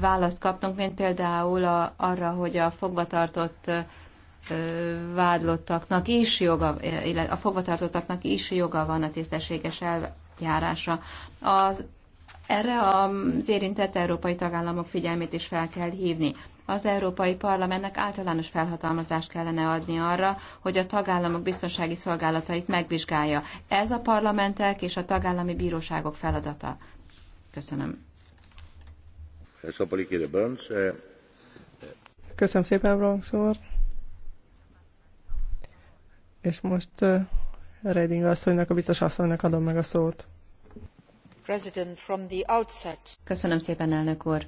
választ kapnunk, mint például a, arra, hogy a fogvatartott vádlottaknak is joga, illetve a fogvatartottaknak is joga van a tisztességes eljárásra. Az, erre az érintett európai tagállamok figyelmét is fel kell hívni. Az Európai Parlamentnek általános felhatalmazást kellene adni arra, hogy a tagállamok biztonsági szolgálatait megvizsgálja. Ez a parlamentek és a tagállami bíróságok feladata. Köszönöm. Köszönöm szépen, Bronx úr. És most Reding asszonynak, a biztos asszonynak adom meg a szót. Köszönöm szépen, elnök úr.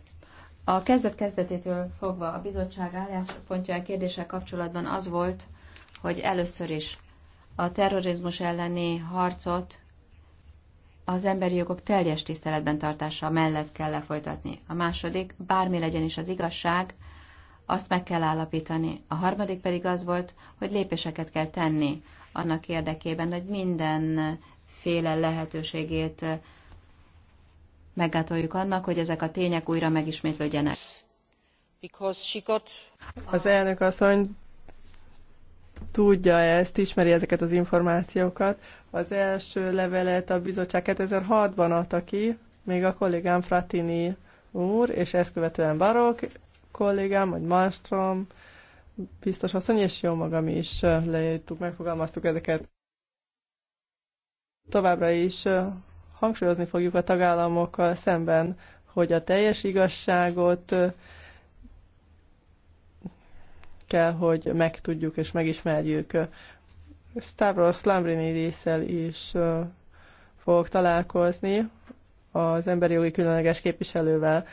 A kezdet kezdetétől fogva a bizottság álláspontja a kérdéssel kapcsolatban az volt, hogy először is a terrorizmus elleni harcot az emberi jogok teljes tiszteletben tartása mellett kell lefolytatni. A második, bármi legyen is az igazság, azt meg kell állapítani. A harmadik pedig az volt, hogy lépéseket kell tenni annak érdekében, hogy mindenféle lehetőségét megátoljuk annak, hogy ezek a tények újra megismétlődjenek. Got... Az elnök asszony tudja ezt, ismeri ezeket az információkat. Az első levelet a bizottság 2006-ban adta ki, még a kollégám Fratini úr, és ezt követően Barok, kollégám, vagy Malmström, biztos asszony, és jó magam is leírtuk, megfogalmaztuk ezeket. Továbbra is hangsúlyozni fogjuk a tagállamokkal szemben, hogy a teljes igazságot kell, hogy megtudjuk és megismerjük. Stavros Lambrinidis-szel is fogok találkozni, az emberi jogi különleges képviselővel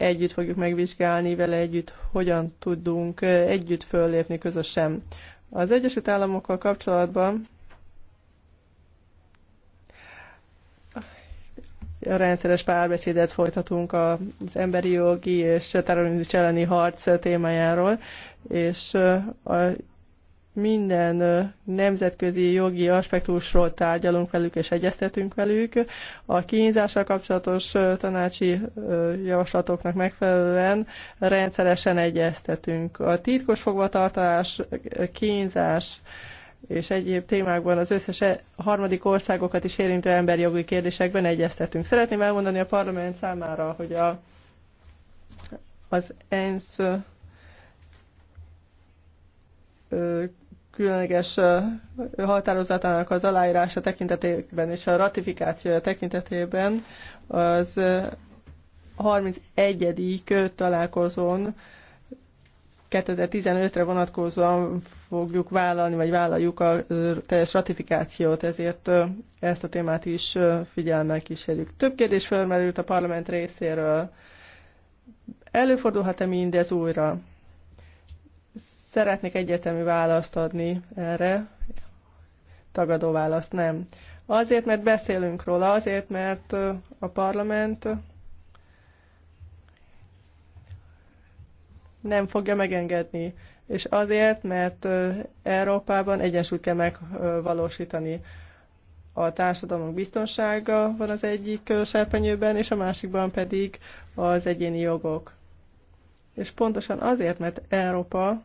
együtt fogjuk megvizsgálni vele együtt, hogyan tudunk együtt föllépni közösen. Az Egyesült Államokkal kapcsolatban rendszeres párbeszédet folytatunk az emberi jogi és terrorizmus elleni harc témájáról, és a minden nemzetközi jogi aspektusról tárgyalunk velük és egyeztetünk velük. A kínzással kapcsolatos tanácsi javaslatoknak megfelelően rendszeresen egyeztetünk. A titkos fogvatartás, kínzás és egyéb témákban az összes e, harmadik országokat is érintő emberi jogi kérdésekben egyeztetünk. Szeretném elmondani a parlament számára, hogy a, az ENSZ különleges határozatának az aláírása tekintetében és a ratifikációja tekintetében az 31. találkozón 2015-re vonatkozóan fogjuk vállalni, vagy vállaljuk a teljes ratifikációt, ezért ezt a témát is figyelmel kísérjük. Több kérdés felmerült a parlament részéről. Előfordulhat-e mindez újra? Szeretnék egyértelmű választ adni erre, tagadó választ nem. Azért, mert beszélünk róla, azért, mert a parlament nem fogja megengedni, és azért, mert Európában egyensúlyt kell megvalósítani. A társadalom biztonsága van az egyik serpenyőben, és a másikban pedig az egyéni jogok. És pontosan azért, mert Európa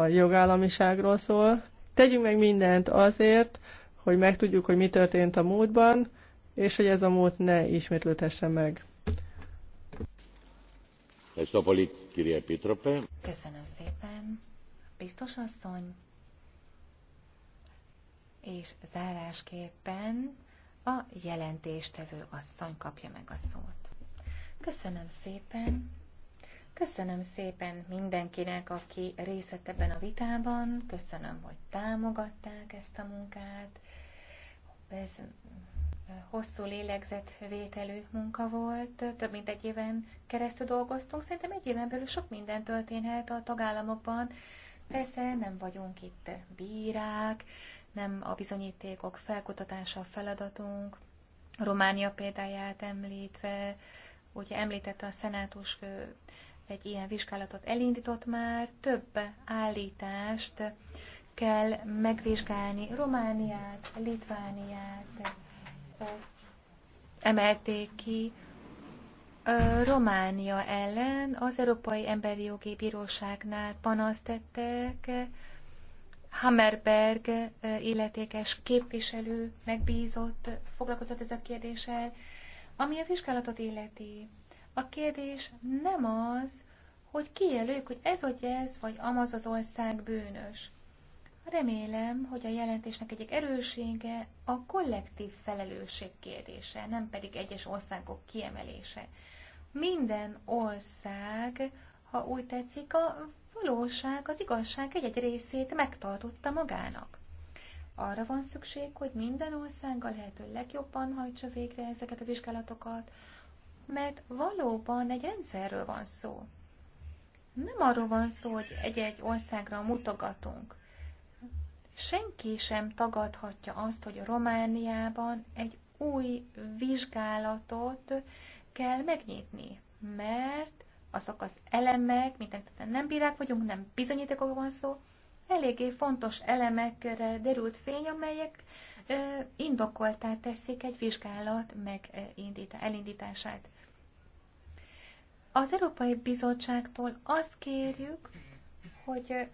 a jogállamiságról szól. Tegyünk meg mindent azért, hogy megtudjuk, hogy mi történt a múltban, és hogy ez a múlt ne ismétlődhessen meg. Köszönöm szépen, biztos asszony. És zárásképpen a jelentéstevő asszony kapja meg a szót. Köszönöm szépen. Köszönöm szépen mindenkinek, aki részt vett ebben a vitában, köszönöm, hogy támogatták ezt a munkát. Ez hosszú lélegzetvételű munka volt, több mint egy éven keresztül dolgoztunk, szerintem egy éven belül sok minden történhet a tagállamokban. Persze nem vagyunk itt bírák, nem a bizonyítékok felkutatása a feladatunk. Románia példáját említve, ugye említette a szenátus fő egy ilyen vizsgálatot elindított már, több állítást kell megvizsgálni. Romániát, Litvániát emelték ki. Románia ellen az Európai Emberi Jogi Bíróságnál panaszt tettek, Hammerberg illetékes képviselő megbízott, foglalkozott ezzel a kérdéssel, ami a vizsgálatot illeti. A kérdés nem az, hogy kijelöljük, hogy ez vagy ez, vagy amaz az ország bűnös. Remélem, hogy a jelentésnek egyik erősége a kollektív felelősség kérdése, nem pedig egyes országok kiemelése. Minden ország, ha úgy tetszik, a valóság, az igazság egy-egy részét megtartotta magának. Arra van szükség, hogy minden országgal lehető legjobban hajtsa végre ezeket a vizsgálatokat, mert valóban egy rendszerről van szó. Nem arról van szó, hogy egy-egy országra mutogatunk. Senki sem tagadhatja azt, hogy Romániában egy új vizsgálatot kell megnyitni, mert azok az elemek, mint nem bírák vagyunk, nem bizonyítékok van szó, eléggé fontos elemekre derült fény, amelyek indokoltá teszik egy vizsgálat meg elindítását. Az Európai Bizottságtól azt kérjük, hogy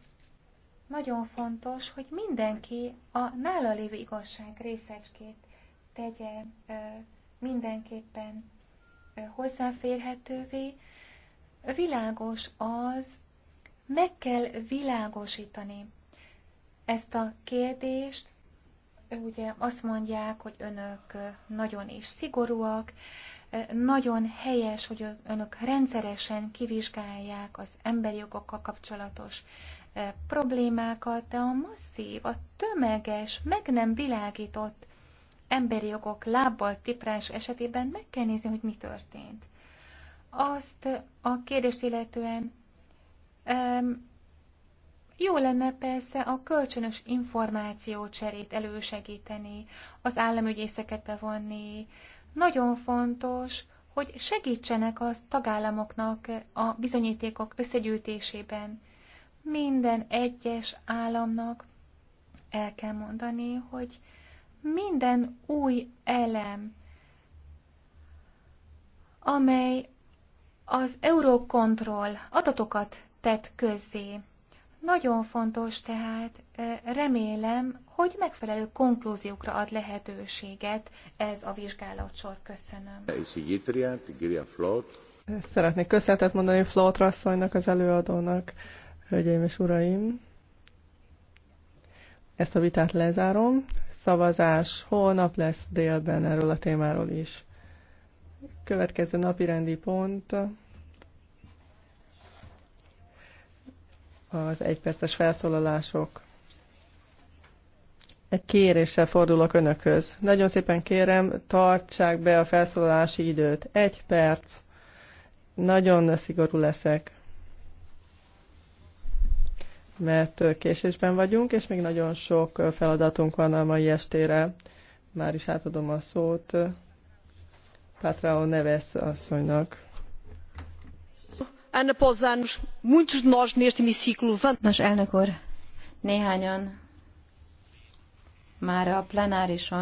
nagyon fontos, hogy mindenki a nála lévő igazság részecskét tegye mindenképpen hozzáférhetővé. Világos az, meg kell világosítani ezt a kérdést. Ugye azt mondják, hogy önök nagyon is szigorúak, nagyon helyes, hogy önök rendszeresen kivizsgálják az emberi jogokkal kapcsolatos problémákat, de a masszív, a tömeges, meg nem világított emberi jogok lábbal tiprás esetében meg kell nézni, hogy mi történt. Azt a kérdést illetően um, jó lenne persze a kölcsönös információcserét elősegíteni, az államügyészeket bevonni, nagyon fontos, hogy segítsenek az tagállamoknak a bizonyítékok összegyűjtésében. Minden egyes államnak el kell mondani, hogy minden új elem, amely az Eurocontrol adatokat tett közzé. Nagyon fontos tehát, remélem, hogy megfelelő konklúziókra ad lehetőséget ez a vizsgálatsor. Köszönöm. Szeretnék köszönetet mondani Flót Rasszonynak, az előadónak, hölgyeim és uraim. Ezt a vitát lezárom. Szavazás holnap lesz délben erről a témáról is. Következő napi rendi pont az egyperces felszólalások kéréssel fordulok önökhöz. Nagyon szépen kérem, tartsák be a felszólalási időt. Egy perc. Nagyon szigorú leszek, mert késésben vagyunk, és még nagyon sok feladatunk van a mai estére. Már is átadom a szót Pátrao Neves asszonynak. Ana Pozanos, muitos de nós neste hemiciclo... Nos, elnök úr, néhányan már a plenárison